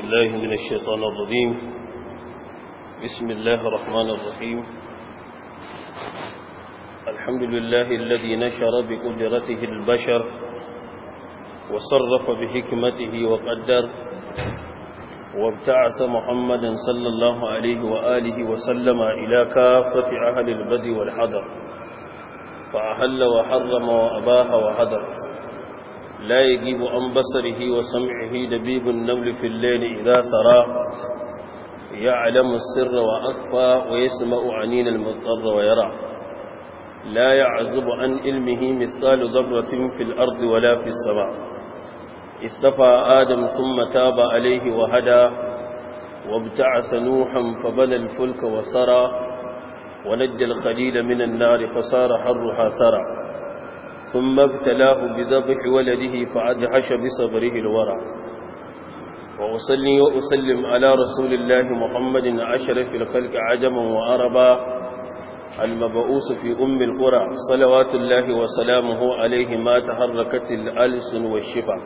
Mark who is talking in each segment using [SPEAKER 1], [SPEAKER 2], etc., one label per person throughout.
[SPEAKER 1] بالله من الشيطان الرجيم بسم الله الرحمن الرحيم الحمد لله الذي نشر بقدرته البشر وصرف بحكمته وقدر وابتعث محمدا صلى الله عليه وآله وسلم إلى كافة أهل البدء والحضر فأحل وحرم وأباح وحضر لا يجيب عن بصره وسمعه دبيب النمل في الليل إذا سرى يعلم السر وأكفى ويسمع عنين المضطر ويرى لا يعزب عن علمه مثال ذرة في الأرض ولا في السماء استفى آدم ثم تاب عليه وهدى وابتعث نوحا فبنى الفلك وسرى ونجى الخليل من النار فصار حرها ثرى ثم ابتلاه بذبح ولده فأدهش بصبره الورع وأصلي وأسلم على رسول الله محمد أشرف الخلق عجما وأربا المبؤوس في أم القرى صلوات الله وسلامه عليه ما تحركت الألسن والشفع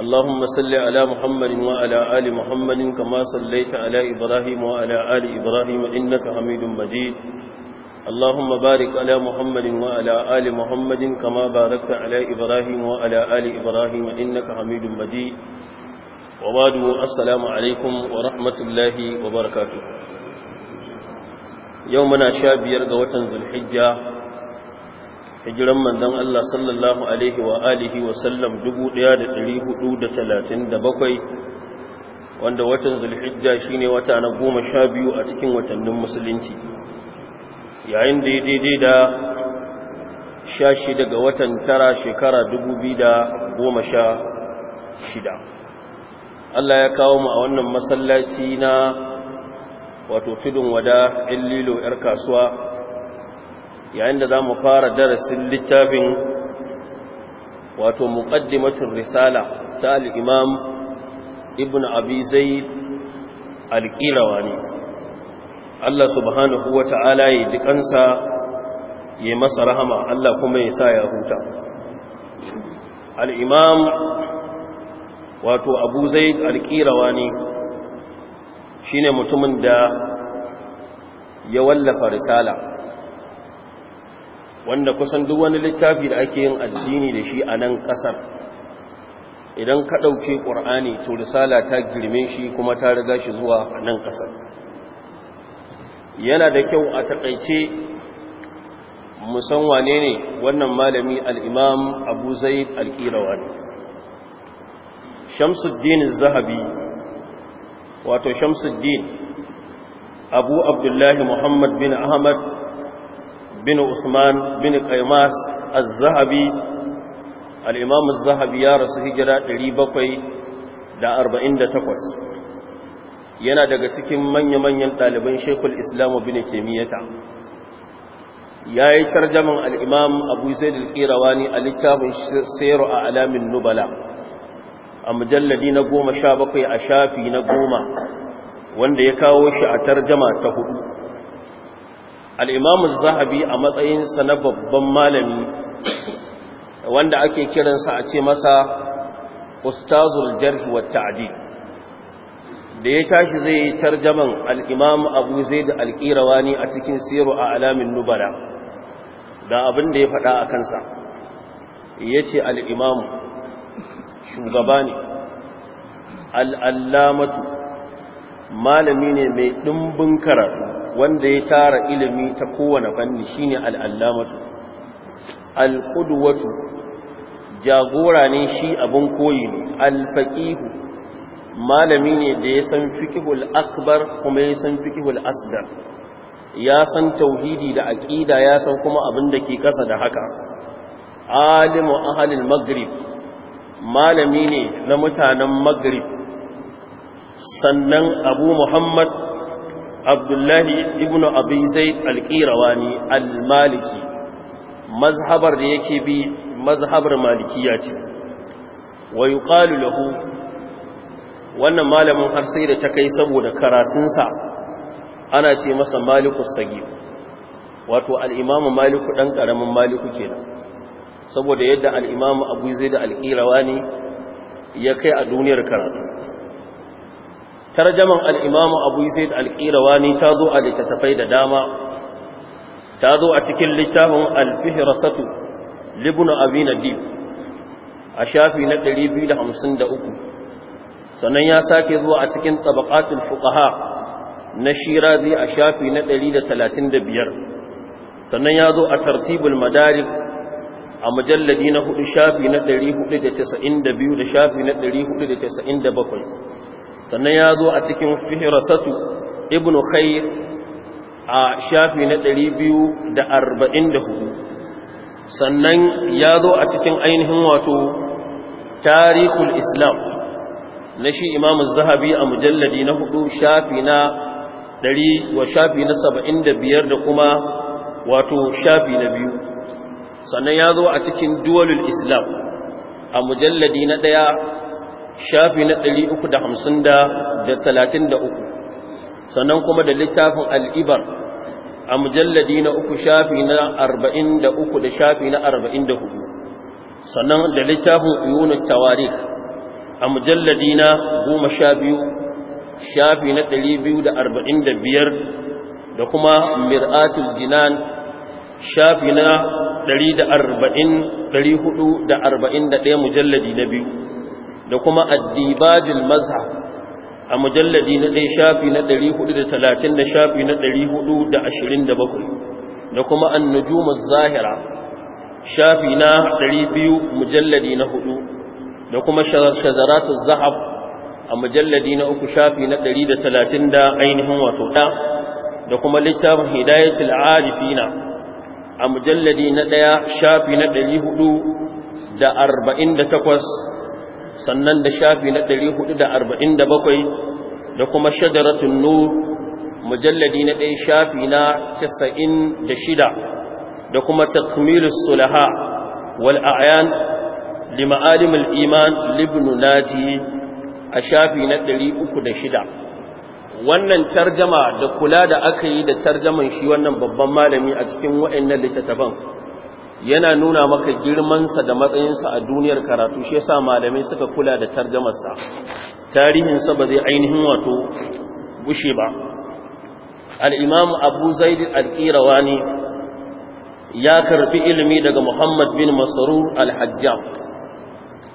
[SPEAKER 1] اللهم صل على محمد وعلى آل محمد كما صليت على إبراهيم وعلى آل إبراهيم إنك حميد مجيد اللهم بارك على محمد وعلى آل محمد كما باركت على إبراهيم وعلى آل إبراهيم إنك حميد مجيد وبعد السلام عليكم ورحمة الله وبركاته يومنا شاب يرقى وتنز الحجة hijiran manzon Allah sallallahu alaihi wa alihi wa sallam 1437 wanda watan zulhijja shine wata na goma sha biyu a cikin watannin musulunci yayin da ya daidai da shashi daga watan tara shekara goma sha shida. Allah ya kawo mu a wannan masallaci na wato tudun wada ɗin lilo 'yar kasuwa yayin da za mu fara darasin littafin wato muƙaddimatin risala ta al'imam ibn abi zai alƙirawa ne Allah subhanahu wa ta'ala ya ji kansa ya masa rahama Allah kuma ya sa ya huta al'imam wato abu zai alƙirawa ne shi ne mutumin da ya wallafa risala wanda kusan duk wani littafi da ake yin addini da shi a nan ƙasar idan ka ɗauke ƙur'ani to risala ta girme shi kuma ta riga shi zuwa a nan ƙasar yana da kyau a taƙaice musan ne wannan malami al'imam abu zai alƙirawa ne shamsuddin zahabi wato shamsuddin abu abdullahi muhammad bin ahmad bin usman bin kaimas al zahabi al zahabi ya rasu hijira 748 yana daga cikin manya-manyan ɗaliban shekul islamu bin taimiyyata ya yi tarjaman al'imam abu zai da ne a littafin sayarwa a alamin nubala a mujalladi na goma sha bakwai a shafi na goma wanda ya kawo shi a tarjama ta hudu al'imamun zahabi a matsayinsa na babban malami wanda ake kiransa a ce masa ustazul jarhi wa ta'adi da ya tashi zai yi tarjaman al'imam abu zai da alƙirawa alƙirawani a cikin siru a alamin nubara da abin da ya faɗa a kansa ya ce al'imam shugaba ne al'allamatu malami ne mai ɗimbin karatu wanda ya tara ilimi ta kowane fanni shine al'allamatu al'uduwatu jagora ne shi abin koyi alfaƙihu malami ne da ya san fikihul akbar kuma ya san fikihul asdar ya san tauhidi da aqida ya san kuma abin da ke kasa da haka alimu ahlil maghrib malami ne na mutanen maghrib sannan abu muhammad abdullahi ibnu abi zaid alqirawani almaliki mazhabar da yake bi mazhabar malikiya ce wa yuqalu lahu wannan malamin har sai da ta kai saboda karatunsa ana ce masa malikus sagi wato al'imamu maliku ɗan ƙaramin maliku kenan saboda yadda al'imamu abu zai da alƙirawa ne ya kai a duniyar karatu tarjaman al'imamu abu zai da alƙirawa ne ta zo a littattafai da dama ta zo a cikin littafin alfihirasatu Libuna Abinadi, a shafi na 253 sannan ya sake zuwa a cikin tabaqatul fuqaha na shirazi a shafi na 135 sannan ya zo a tartibul madarik a mujalladi na hudu shafi na 492 da shafi na 497 sannan ya zo a cikin fihrasatu ibnu khair a shafi na 244 sannan ya zo a cikin ainihin wato tarihul islam na shi imam zahabi a mujalladi na hudu shafi na dari wa shafi na saba'in da biyar da kuma wato shafi na biyu sannan ya zo a cikin duwalul islam a mujalladi na ɗaya shafi na dari uku da hamsin da talatin da uku sannan kuma da littafin al'ibar a mujalladi na uku shafi na arba'in da uku da shafi na arba'in da hudu sannan da littafin uyunar tawarik a mujalladi na goma sha biyu shafi na ɗari biyu da arba'in da biyar da kuma mir'atul jinan shafi na ɗari da arba'in ɗari hudu da arba'in da ɗaya mujalladi na biyu da kuma addibajul maza a mujalladi na ɗaya shafi na ɗari hudu da talatin da shafi na ɗari hudu da ashirin da bakwai da kuma annujumar zahira shafi na ɗari biyu mujalladi na hudu da kuma shazaratun zahab a mujalladi na uku shafi na 130 da talatin da ainihin wato da da kuma littafin hidayatul arifina a mujalladi na ɗaya shafi na 400 hudu da arba'in da takwas sannan da shafi na ɗari hudu da arba'in da bakwai da kuma shadaratun nur mujalladi na ɗaya shafi na 96 da shida da kuma takmilus sulaha wal a'yan lima'alimul iman libnu nati a shafi na 306 wannan tarjama da kula da aka yi da tarjaman shi wannan babban malami a cikin wa'annan littattafan yana nuna maka girmansa da matsayinsa a duniyar karatu shi yasa malamai suka kula da tarjamarsa tarihinsa ba zai ainihin wato bushe ba al-imam abu zaid al-qirawani ya karfi ilimi daga Muhammad bin Masarur al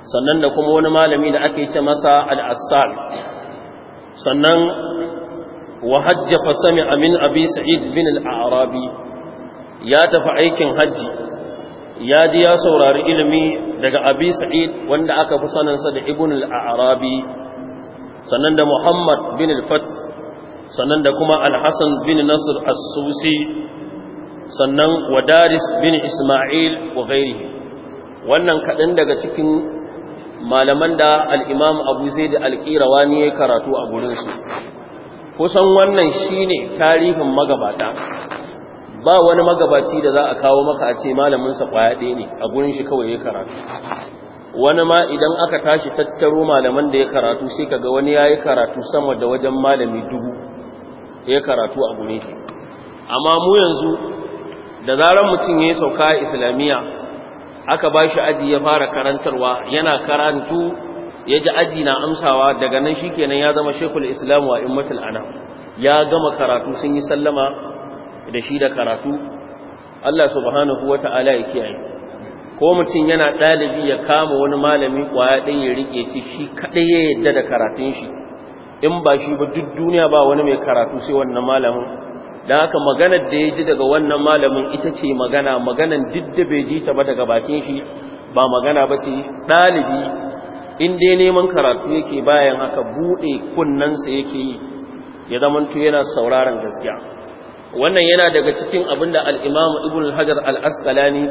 [SPEAKER 1] sannan da kuma wani malami da aka yi ce masa al'assal sannan wa hajji fasami amin Abin sa'id bin al'arabi ya tafi aikin hajji ya ji ya saurari ilimi daga Abin sa'id wanda aka fi sanansa da ibn al'arabi sannan da muhammad bin al-fat sannan da kuma al-hassan bin nasir as-susi sannan wa daris bin ismail wa gairi wannan kaɗan daga cikin malaman da al'imam abu zai da alƙirawa ne ya karatu a gurinsu kusan wannan shi ne tarihin magabata ba wani magabaci da za a kawo maka a ce malaminsa ƙwaya ɗaya ne a gurin shi kawai ya karatu wani ma idan aka tashi tattaro malaman da ya karatu sai ga wani ya yi karatu sama da wajen malami dubu ya karatu a gurin shi amma mu yanzu da zarar mutum ya yi sauka islamiyya aka ba shi aji ya fara karantarwa yana karantu ya ji aji na amsawa daga nan shi kenan ya zama shekul islam wa immatul anam ya gama karatu sun yi sallama da shi da karatu Allah subhanahu wa ta'ala ya kiyaye ko mutum yana ɗalibi ya kama wani malami kwaya ɗin ya rike ci shi kaɗai ya yadda da karatun shi in ba shi ba duk duniya ba wani mai karatu sai wannan malamin Da haka maganar da ya ji daga wannan malamin ita ce magana maganan duk bai ji ta ba daga bakin shi ba magana ba ce ɗalibi in dai neman karatu yake bayan haka buɗe kunnensa yake yi ya zamanto yana sauraron gaskiya wannan yana daga cikin abin da al'imamu ibn hajar al'asƙalani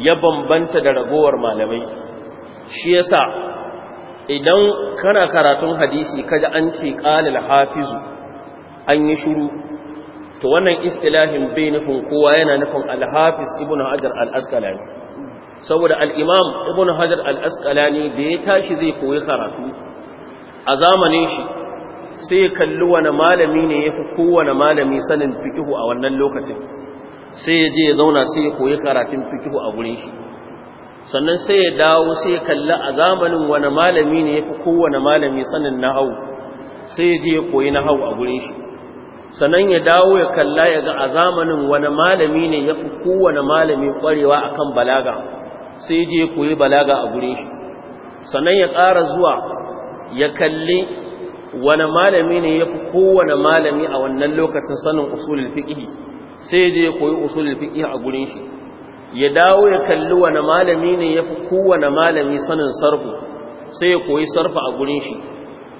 [SPEAKER 1] ya bambanta da ragowar malamai shi yasa idan kana karatun hadisi kaji an ce ƙalil hafizu an yi shuru to wannan istilahin bai nufin kowa yana nufin al-hafiz ibn hajar al-asqalani saboda al-imam ibn hajar al-asqalani da ya tashi zai koyi karatu a zamanin shi sai kalli wani malami ne yafi kowane malami sanin fiqhu a wannan lokacin sai ya je ya zauna sai ya koyi karatun fiqhu a gurin shi sannan sai ya dawo sai ya kalli a zamanin wani malami ne yafi kowane malami sanin nahwu sai ya je ya koyi nahwu a gurin shi sannan ya dawo ya kalla ya ga a zamanin wani malami ne ya fi kowane malami kwarewa a kan balaga sai je koyi balaga a gurin shi sannan ya ƙara zuwa ya kalli wani malami ne ya fi kowane malami a wannan lokacin sanin usulul fiqh sai je koyi usulul fiqh a gurin shi ya dawo ya kalli wani malami ne ya fi kowane malami sanin sarfu sai ya koyi sarfa a gurin shi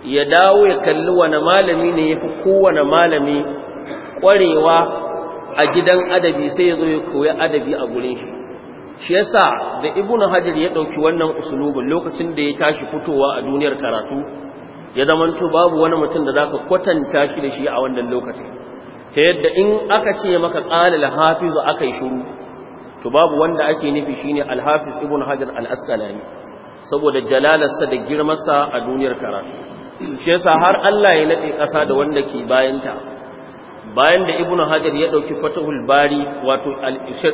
[SPEAKER 1] ya dawo ya kalli wani malami ne ya fi kowane malami ƙwarewa a gidan adabi sai ya zo ya koya adabi a gurin shi shi yasa da ibnu hajar ya ɗauki wannan usulubin lokacin da ya tashi fitowa a duniyar karatu ya zamanto babu wani mutum da za ka kwatanta shi da shi a wannan lokacin ta yadda in aka ce maka qala al-hafiz aka yi shiru to babu wanda ake nufi shine al-hafiz ibnu hajar al-asqalani saboda jalalarsa da girmarsa a duniyar karatu shi yasa har Allah ya nade ƙasa da wanda ke bayanta bayan da ibnu hajar ya dauki fatahul bari wato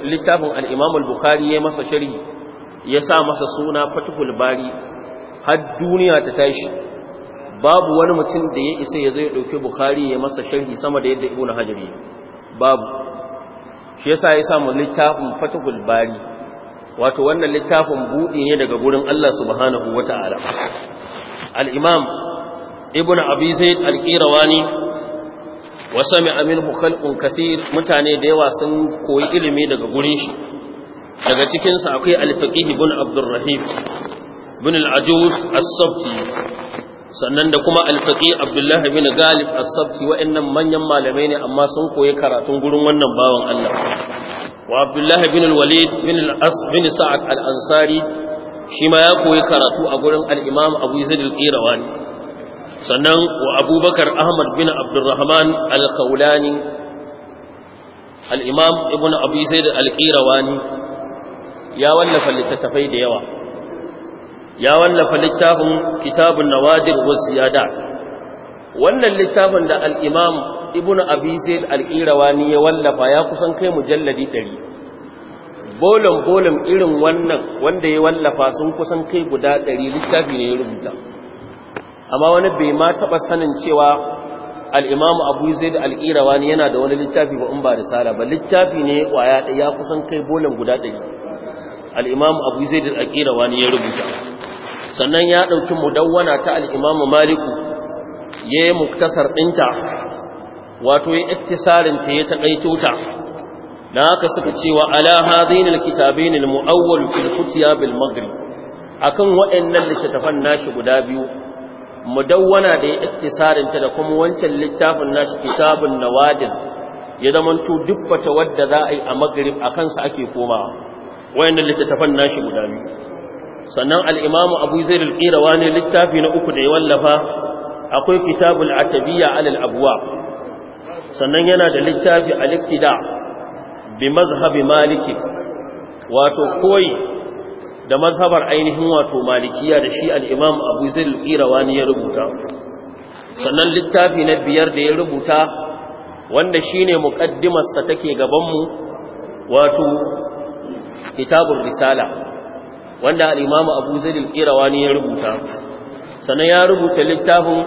[SPEAKER 1] littafin al-imam al-bukhari ya masa sharhi ya sa masa suna fatahul bari har duniya ta tashi babu wani mutum da ya isa ya zo ya dauki bukhari ya masa sharhi sama da yadda ibnu hajar ya babu shi yasa ya samu littafin fatahul bari wato wannan littafin budi ne daga gurin Allah subhanahu wataala al-imam ibn abi zaid al-qirawani wa sami'a kathir mutane da yawa sun koyi ilimi daga gurin shi daga cikinsa akwai al-faqih ibn abdurrahim ibn al-ajuz as-sabti sannan da kuma al-faqih abdullah ibn galib as-sabti wa'annan manyan malamai ne amma sun koyi karatun gurin wannan bawan Allah wa abdullah ibn al-walid ibn al-as ibn sa'ad al-ansari shi ma ya koyi karatu a gurin al-imam abu zaid al-qirawani sannan wa abubakar ahmad bin abdurrahman al-khawlani al-imam ibn abi zaid al-qirawani ya wallafa littattafai da yawa ya wallafa littafin kitabun nawadir wa ziyada wannan littafin da al-imam ibn abi zaid al-qirawani ya wallafa ya kusan kai mujalladi 100 bolon bolon irin wannan wanda ya wallafa sun kusan kai guda 100 littafi ne ya rubuta amma wani bai ma taɓa sanin cewa al'imamu abu zai da al'irawa ne yana da wani littafi ba in ba da risala ba littafi ne ƙwaya ɗaya kusan kai bolin guda ɗari al'imamu abu zai da al'irawa ne ya rubuta sannan ya ɗauki mudawwana ta al'imamu maliku ya yi muktasar ɗinta wato ya iktisarinta ya taɗai ta na haka suka cewa ala hazinil kitabinil mu'awwal fil futiya bil maghrib akan waɗannan littattafan nashi guda biyu mudawwana da ya iktisarin ta da kuma wancan littafin nashi kitabun nawadin ya zamanto duk wata wadda za a yi a magrib a kansa ake koma wayannan littattafan nashi guda sannan al-imamu abu zaid al-qirawani littafi na uku da ya wallafa akwai kitabul atabiyya alal abwa sannan yana da littafi al-iktida bi mazhabi maliki wato koyi da mazhabar ainihin wato malikiya da shi al'imam abu zai ƙirawani ya rubuta sannan littafi na biyar da ya rubuta wanda shi ne muƙaddimarsa take gabanmu wato kitabun risala wanda al'imam abu zai ƙirawani ya rubuta sannan ya rubuta littafin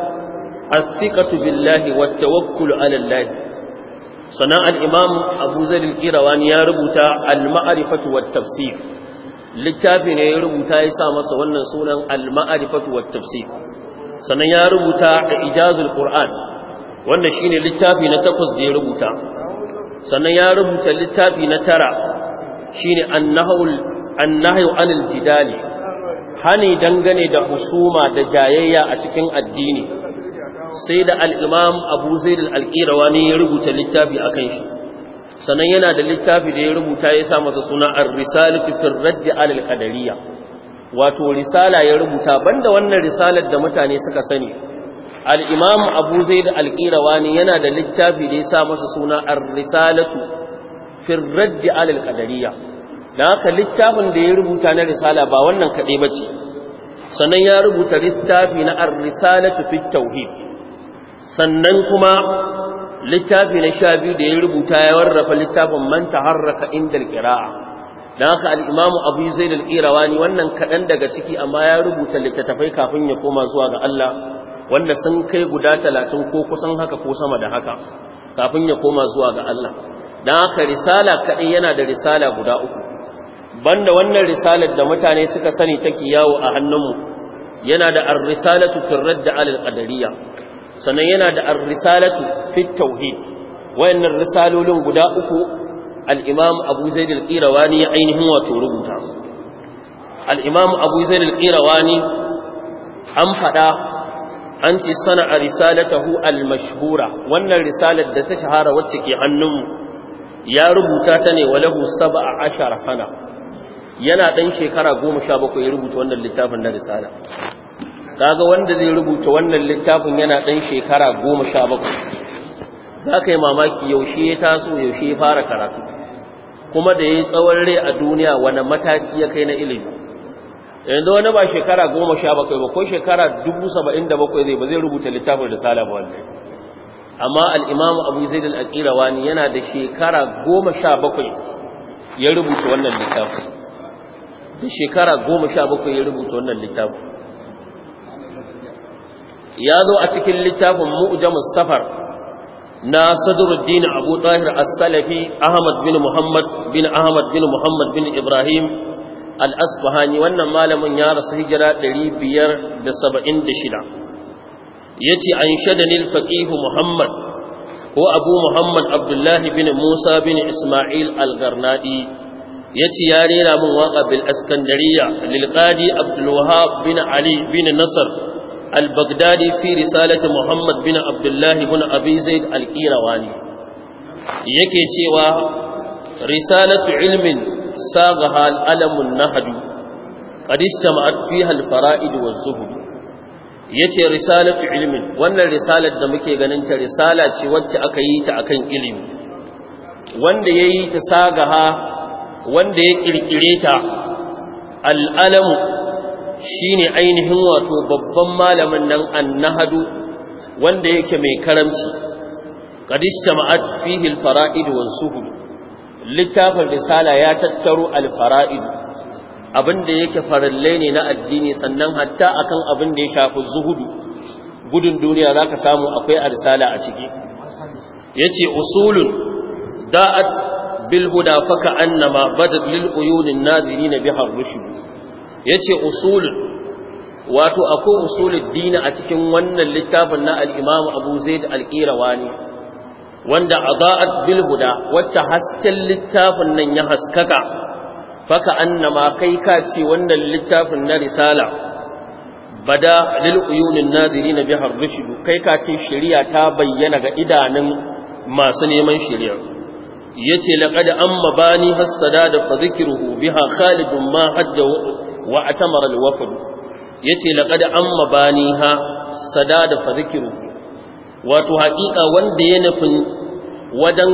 [SPEAKER 1] astikatu billahi wata wakulu alallahi sannan al'imam abu zai ƙirawani ya rubuta al-ma'arifatu wa tafsir littafi ne ya rubuta ya sa masa wannan sunan al-ma'rifatu wat tafsir sannan ya rubuta ijazul qur'an wannan shine littafi na takwas da ya rubuta sannan ya rubuta littafi na tara shine an-nahul an-nahyu anil jidali hani dangane da husuma da jayayya a cikin addini sai da al-imam abu zaid al-qirawani ya rubuta littafi akan shi sannan yana da littafi da ya rubuta ya sa masa suna ar-risalatu fi radd ala al-qadariyya wato risala ya rubuta banda wannan risalar da mutane suka sani al-imam Abu Zaid al-Qirawani yana da littafi da ya sa masa suna ar-risalatu fi radd ala al-qadariyya dan haka littafin da ya rubuta na risala ba wannan kadai bace sannan ya rubuta littafi na ar-risalatu fi tauhid sannan kuma littafi na sha biyu da ya rubuta ya warrafa littafin man taharraka indal qira'a dan haka al-imamu abu zaid al-qirawani wannan kaɗan daga ciki amma ya rubuta littattafai kafin ya koma zuwa ga Allah wanda sun kai guda talatin ko kusan haka ko sama da haka kafin ya koma zuwa ga Allah dan haka risala kadai yana da risala guda uku banda wannan risalar da mutane suka sani take yawo a hannunmu yana da ar-risalatu fi radd al-qadariyya sannan yana da ar-risalatu fi tauhid wayannan risalolin guda uku al-imam Abu Zaid al-Qirawani ya ainihin wato rubuta al-imam Abu Zaid al-Qirawani an fada an ce a risalatahu al-mashhura wannan risalar da ta shahara wacce ke hannunmu ya rubuta ta ne walahu 17 sana yana dan shekara 17 ya rubuta wannan littafin na risala kaga wanda zai rubuta wannan littafin yana ɗan shekara goma sha bakwai za ka yi mamaki yaushe ya taso yaushe ya fara karatu kuma da ya yi tsawon rai a duniya wani mataki ya kai na ilimi yanzu wani ba shekara goma sha bakwai ba ko shekara dubu saba'in da bakwai zai ba zai rubuta littafin risala ba wannan amma al-imam abu zai al-aqirawani yana da shekara goma sha bakwai ya rubuta wannan littafin da shekara goma sha bakwai ya rubuta wannan littafin ya zo a cikin littafin mu'jamus safar na sadruddin abu tahir as-salafi ahmad bin muhammad bin ahmad bin muhammad bin ibrahim al-asfahani wannan malamin ya rasu hijira 576 yace an shadani al-faqih muhammad ko abu muhammad abdullahi bin musa bin isma'il al-garnadi yace ya rera min waqa bil askandariya lil qadi abdul wahhab bin ali bin nasr al-baghdadi fi risalati muhammad bin abdullahi bin abi zaid al-qirawani yake cewa risalatu ilmin sagaha al-alamun nahdu qad fiha al-fara'id wa zuhud yace risalatu ilmin wannan risalar da muke ganin ta risala ce wacce aka yi ta akan ilimi wanda yayi ta sagaha wanda ya kirkire ta al'alamu shine ainihin wato babban malamin nan annahadu wanda yake mai karamci qadista ma'at fihi al-fara'id wa suhul littafin risala ya tattaro al-fara'id abinda yake farallai ne na addini sannan hatta akan abinda ya shafi zuhudu gudun duniya zaka samu akwai arsala a ciki yace usulun da'at bil huda faka annama badal lil uyunin nadirin biha rushd yace usulun wato akwai usulun dini a cikin wannan littafin na al-Imam Abu Zaid al-Qirawani wanda adaat bil huda wacce hasken littafin nan ya haskaka faka annama kai ka ce wannan littafin na risala bada lil uyunin nadirin bihar rushd kai ka ce shari'a ta bayyana ga idanun masu neman shari'a yace laqad amma bani hassada da fadhkiruhu biha khalidun ma hajja wa atamara al-wafd yace laqad bani ha, Sada da dhikru wato haƙiƙa wanda ya nufin wajen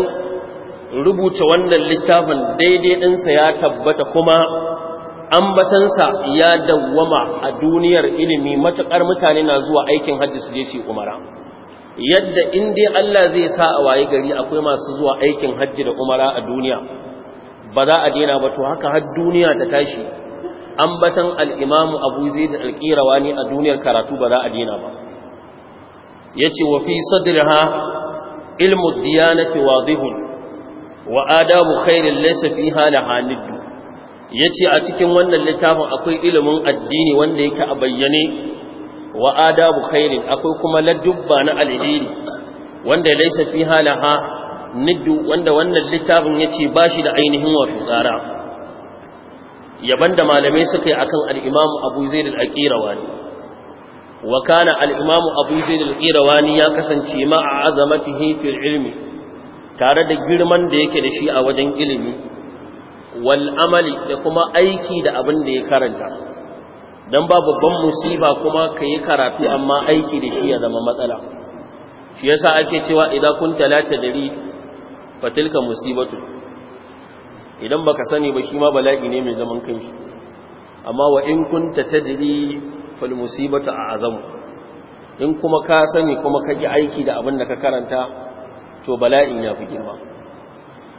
[SPEAKER 1] rubuta wannan littafin daidai ɗinsa ya tabbata kuma ambatansa ya dawwama a duniyar ilimi matuƙar mutane na zuwa aikin hajji su je su umara yadda in dai Allah zai sa a waye gari akwai masu zuwa aikin hajji da umara a duniya ba za a daina ba to haka har duniya ta tashi ambatan al'imamu abu zai al alƙirawa a duniyar karatu ba za a dina ba ya ce wa fi sadirha ilmu diyanati wadihun wa adabu khairin laisa fi hala haniddu ya ce a cikin wannan littafin akwai ilimin addini wanda yake a bayyane wa adabu khairin akwai kuma ladubba na alheri wanda laisa fi laha niddu wanda wannan littafin yace bashi da ainihin wato tsara yaban da malamai suka yi akan kan imam Abu Zaid al-Qirawani wa kana Abu Zaid al ya kasance ma a azamatihi fil ilmi tare da girman da yake da shi a wajen ilimi wal'amali, da kuma aiki da abin da ya karanta don ba babban musiba kuma yi karatu amma aiki da shi ya zama matsala shi yasa ake cewa idan kun la dari fatilka musibatu idan baka sani ba shi ma bala'i ne mai zaman kanshi amma wa in kunta tadri fal musibatu a'zamu in kuma ka sani kuma ka aiki da abin da ka karanta to bala'in ya fi girma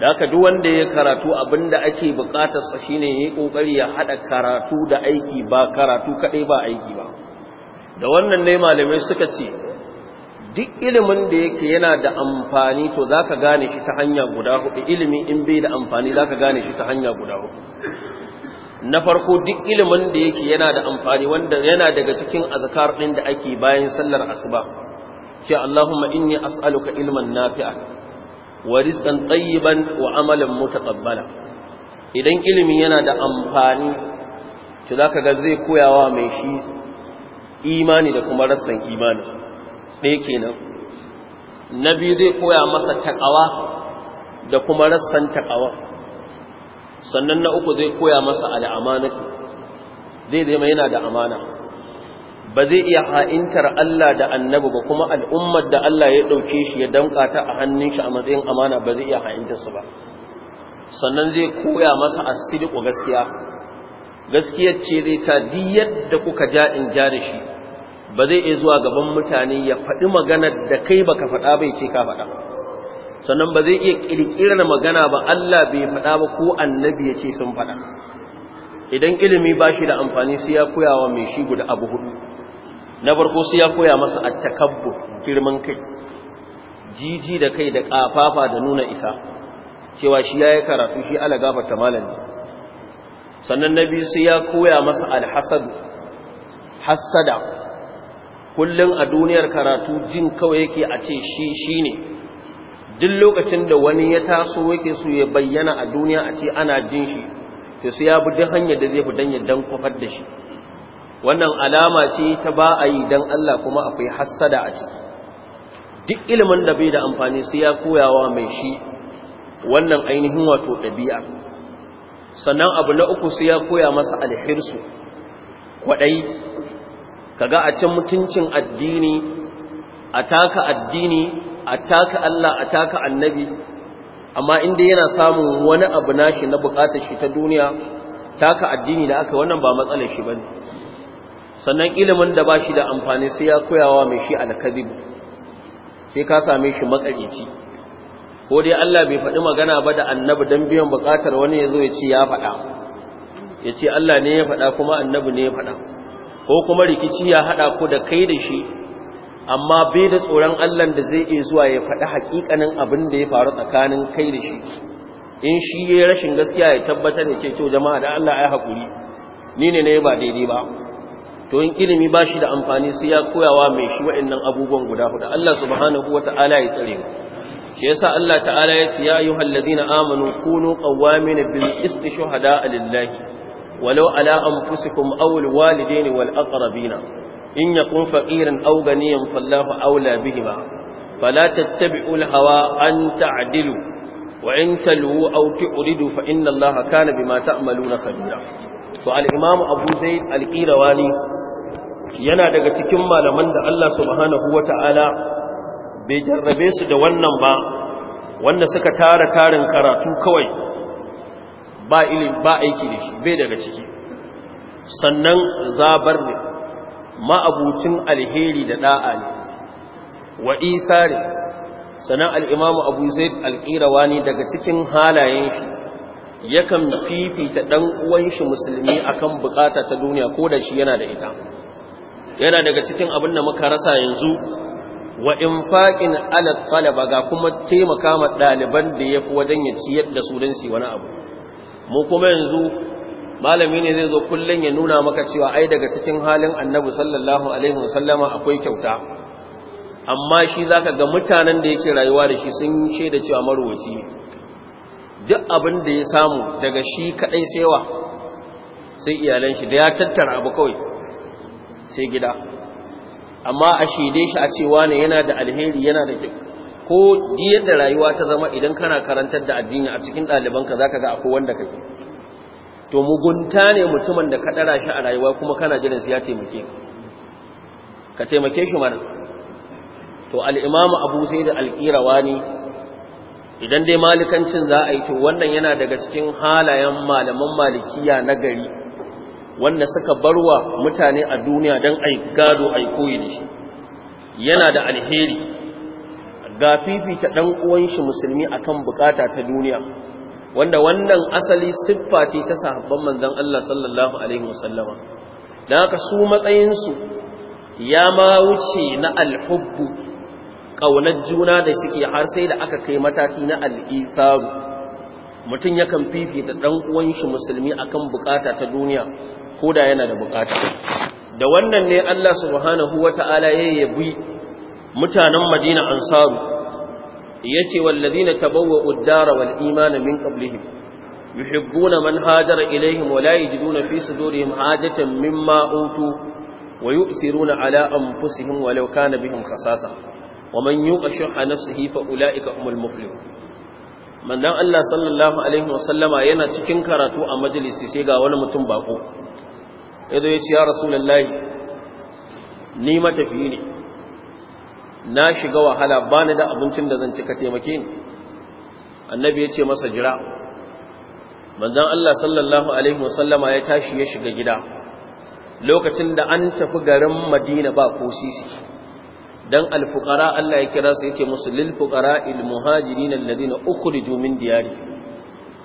[SPEAKER 1] da haka duk wanda ya karatu abin da ake bukatar sa shine yayi kokari ya haɗa karatu da aiki ba karatu kaɗai ba aiki ba da wannan ne malamai suka ce duk ilimin da yake yana da amfani to za ka gane shi ta hanya guda hudu ilimi in bai da amfani za ka gane shi ta hanya guda hudu na farko duk ilimin da yake yana da amfani wanda yana daga cikin azkar ɗin da ake bayan sallar asuba ce Allahumma inni as'aluka ilman nafi'a wa rizqan tayyiban wa amalan mutaqabbala idan ilimi yana da amfani to ka ga zai koyawa mai shi imani da kuma rassan imani ɗaya kenan na biyu zai koya masa taƙawa da kuma rassan taƙawa sannan na uku zai koya masa al'amana zai zai mai yana da amana ba zai iya ha'intar Allah da annabi ba kuma al'ummar da Allah ya ɗauke shi ya damƙa ta a hannun shi a matsayin amana ba zai iya su ba sannan zai koya masa asidiku gaskiya gaskiyar ce zai ta diyar da kuka ja in ja da shi ba zai iya zuwa gaban mutane ya faɗi maganar da kai baka faɗa bai ce ka faɗa sannan ba zai iya ƙirƙirar magana ba Allah bai faɗa ba ko annabi ya ce sun faɗa idan ilimi ba shi da amfani sai ya koya wa mai shi guda abu hudu na farko sai ya koya masa a al-takabbu girman kai jiji da kai da ƙafafa da nuna isa cewa shi ya yi karatu shi ala gafarta ne sannan na biyu sai ya koya masa alhasad hasada kullum a duniyar karatu jin kawai yake a ce shi shi ne duk lokacin da wani ya taso yake su ya bayyana a duniya a ce ana jin shi to su ya bi hanyar da zai fi dan ya dan kwafar da shi wannan alama ce ta ba a yi dan Allah kuma akwai hassada a ciki duk ilimin da bai da amfani sai ya koyawa mai shi wannan ainihin wato ɗabi'a sannan abu na uku sai ya koya masa alhirsu kwaɗayi kaga a can mutuncin addini a taka addini a taka Allah a taka annabi amma inda yana samun wani abu nashi na bukatar shi ta duniya taka addini da aka wannan ba matsalar shi bane sannan ilimin da bashi da amfani sai ya koyawa mai shi alkadib sai ka same shi makarici ko dai Allah bai faɗi magana ba da annabi dan biyan bukatar wani yazo ya ce ya faɗa ya ce Allah ne ya faɗa kuma annabi ne ya faɗa ko kuma rikici ya hada ku da kai da shi amma bai da tsoron Allah da zai iya zuwa ya faɗi haƙiƙanin abin da ya faru tsakanin kai da shi in shi yayi rashin gaskiya ya tabbatar da ce to jama'a da Allah ai hakuri ni ne ne ba daidai ba to in ilimi ba shi da amfani sai ya koyawa mai shi wa'annan abubuwan guda huɗu, Allah subhanahu wata'ala ya tsare mu shi yasa Allah ta'ala ya ce ya ayyuhal ladina amanu kunu qawwamin bil qist shuhada lillahi walau ala anfusikum aw alwalidain wal aqrabin in ya faqiran aw ganiyan fallahu awla bihima fala tattabi'u alhawa an ta'dilu wa in talu aw tu'ridu fa inna allaha kana bima ta'maluna khabira to al-imam abu zaid al-qirawani yana daga cikin malaman da Allah subhanahu wata'ala bai jarrabe su da wannan ba wanda suka tara tarin karatu kawai ba ilim ba aiki da shi bai daga ciki sannan zabar ne ma'abucin alheri da da'a ne wa isari sannan al'imamu abu zaid alƙirawa ne daga cikin halayen shi yakan fifita ɗan uwan shi musulmi akan bukata ta duniya ko da shi yana da ita yana daga cikin abin da muka rasa yanzu wa infaqin ala talaba ga kuma taimaka ma ɗaliban da yafi wajen ya ciyar da su don wani abu mu kuma yanzu malami ne zai zo kullum ya nuna maka cewa ai daga cikin halin annabi sallallahu alaihi wasallama akwai kyauta amma shi zaka ga mutanen da yake rayuwa da shi sun shaida cewa marwaci duk abin da ya samu daga shi kadai saiwa sai iyalan shi da ya tattara abu kawai sai gida amma a shide shi a cewa ne yana da alheri yana da kyau ko yadda rayuwa ta zama idan kana karantar da addini a cikin ɗalibanka za ka ga akwai wanda ka to mugunta ne mutumin da ka ɗara shi a rayuwa kuma kana jiran su ya taimake ka ka taimake shi mana to al'imamu abu sai da alƙirawa ne idan dai malikancin za a yi to wannan yana daga cikin halayen malaman malikiya na gari wanda suka barwa mutane a duniya don a gado a koyi da shi yana da alheri ga fifita ɗan uwan shi musulmi akan bukata ta duniya wanda wannan asali siffa ce ta sahabban manzan Allah sallallahu alaihi wasallama dan haka su matsayinsu ya ma wuce na alhubbu ƙaunar juna da suke har sai da aka kai mataki na al'isaru mutum yakan fifita ɗan uwan shi musulmi akan bukata ta duniya ko da yana da bukata da wannan ne Allah subhanahu wata'ala ya bi mutanen Madina Ansaru yace wallazina tabawwa'u ad-dara wal imana min qablihim yuhibbuna man hajara ilaihim wa la yajiduna fi sudurihim hajatan mimma utu wa yu'thiruna ala anfusihim walau kana bihim khasasa wa man yuqashu nafsihi fa ulaika humul muflihun manzon Allah sallallahu alaihi wa sallama yana cikin karatu a majalisi sai ga wani mutum bako yazo ya ce ya rasulullahi ni matafiyi ne na shiga wahala ba ni da abincin da zan cika taimake ni annabi ya ce masa jira manzan Allah sallallahu alaihi wasallama ya tashi ya shiga gida lokacin da an tafi garin madina ba ko sisi dan alfuqara Allah ya kira su yace musu lil fuqara il muhajirin alladhina ukhriju min diyari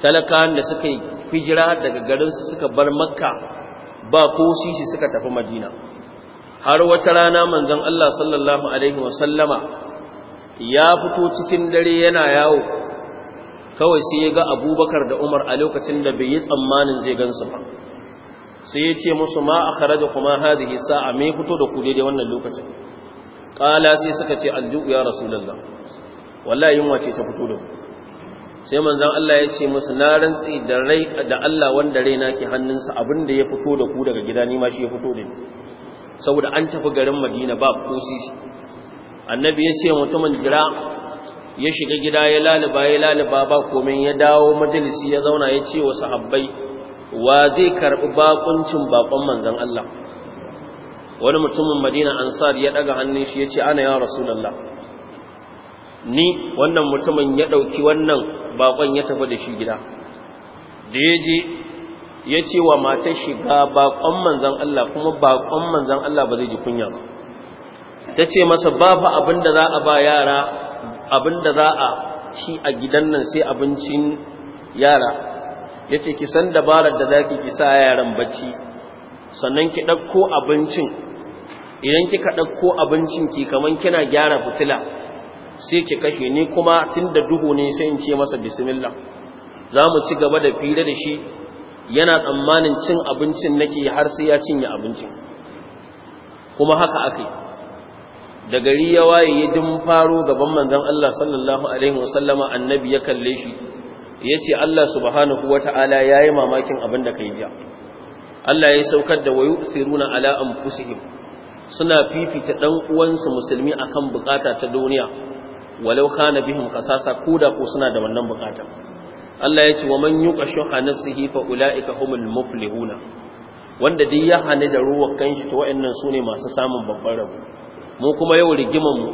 [SPEAKER 1] talakan da suka hijira daga garin su suka bar makka ba ko sisi suka tafi madina har wata rana manzon Allah sallallahu alaihi wa sallama ya fito cikin dare yana yawo kawai sai ya ga abubakar da umar a lokacin da bai yi tsammanin zai gansu ba sai ya ce musu ma a kare kuma hadihi sa'a mai fito da ku daidai wannan lokacin ƙala sai suka ce aljuhu ya rasulullah wallahi yunwa ce ta fito da ku sai manzan Allah ya ce musu na rantsi da rai da Allah wanda raina ke hannunsa abinda ya fito da ku daga gida ni ma shi ya fito da ni saboda an tafi garin madina ba ko annabi ya ce mutumin jira ya shiga gida ya laliba ya laliba ba komai ya dawo majalisi ya zauna ya ce wa sahabbai wa zai karɓi bakuncin bakon manzan Allah wani mutumin madina ansar ya ɗaga hannun shi ya ce ana ya rasulallah ni wannan mutumin ya ɗauki wannan bakon ya tafi da shi gida da ya je ya ce wa matar shiga bakon manzan Allah kuma bakon manzan Allah ba zai ji kunya ba ta ce masa babu abin da za a ba yara abin za a ci a gidan nan sai abincin yara ya ce ki san dabarar da za ki kisa yaran bacci sannan ki ɗauko abincin idan kika ɗauko abincin ki kamar kina gyara fitila sai ki kashe ni kuma tun da duhu ne sai in ce masa bismillah za mu ci gaba da fira da shi yana tsammanin cin abincin nake har sai ya cinye abincin kuma haka akai da gari ya waye ya dun faro gaban manzon Allah sallallahu alaihi wasallama annabi ya kalle shi Ya ce Allah subhanahu wataala yayi mamakin abin da kai jiya Allah ya saukar da wayu siruna ala anfusihim suna fifita dan uwansu musulmi kan bukata ta duniya walau kana bihim khasasa koda ko suna da wannan bukatar Allah ya ce wa man yuqa shuha nafsihi fa ulaika humul muflihuna wanda duk ya hane da ruwa kanshi to wayannan sune masu samun babban rabo mu kuma yau rigiman mu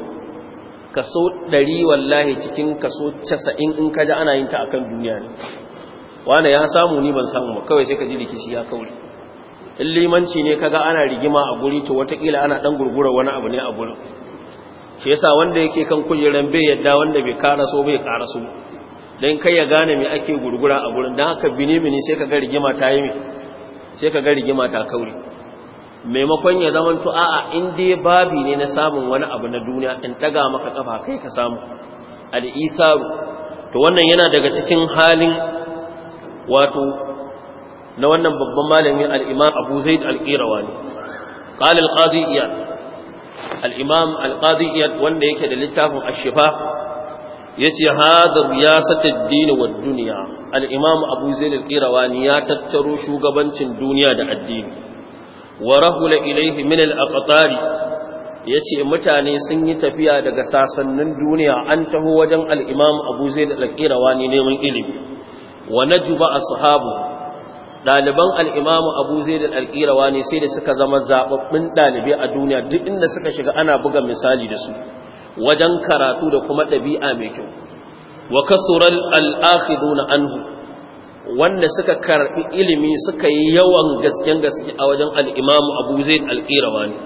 [SPEAKER 1] kaso 100 wallahi cikin kaso 90 in ji ana yin ta akan duniya ne wani ya samu ni ban samu ba kawai sai ka ji rikici ya kaure in limanci ne kaga ana rigima a guri to watakila ana dan gurgura wani abu ne a gurin shi yasa wanda yake kan kujeran bai yadda wanda bai karaso bai karaso don kai ya gane me ake gurgura a gurin don haka binimini sai ka ga rigima ta yi sai ka ga rigima ta kauri maimakon ya zama to a'a in dai babi ne na samun wani abu na duniya in daga maka kafa kai ka samu al'isaru to wannan yana daga cikin halin wato na wannan babban malamin al'imam abu zaid al'irawa ne Al-Imam al qadi القاضي wanda yake da littafin ashifa yace hadar riyasatud din wa dunya al-imam abu zaid al-qirawani ya tattaro shugabancin duniya da addini wa rahula ilayhi min al aqtar yace mutane sun yi tafiya daga sasannin duniya an taho wajen al-imam abu zaid al-qirawani neman ilimi wa najba ashabu daliban al-imam abu zaid al-qirawani sai da suka zama zababbin dalibai a duniya duk inda suka shiga ana buga misali da su wajen karatu da kuma ɗabi'a mai kyau wa kasural na anhu wanda suka karbi ilimi suka yi yawan gasken gaske a wajen al'imamu abu zaid al'irawa ne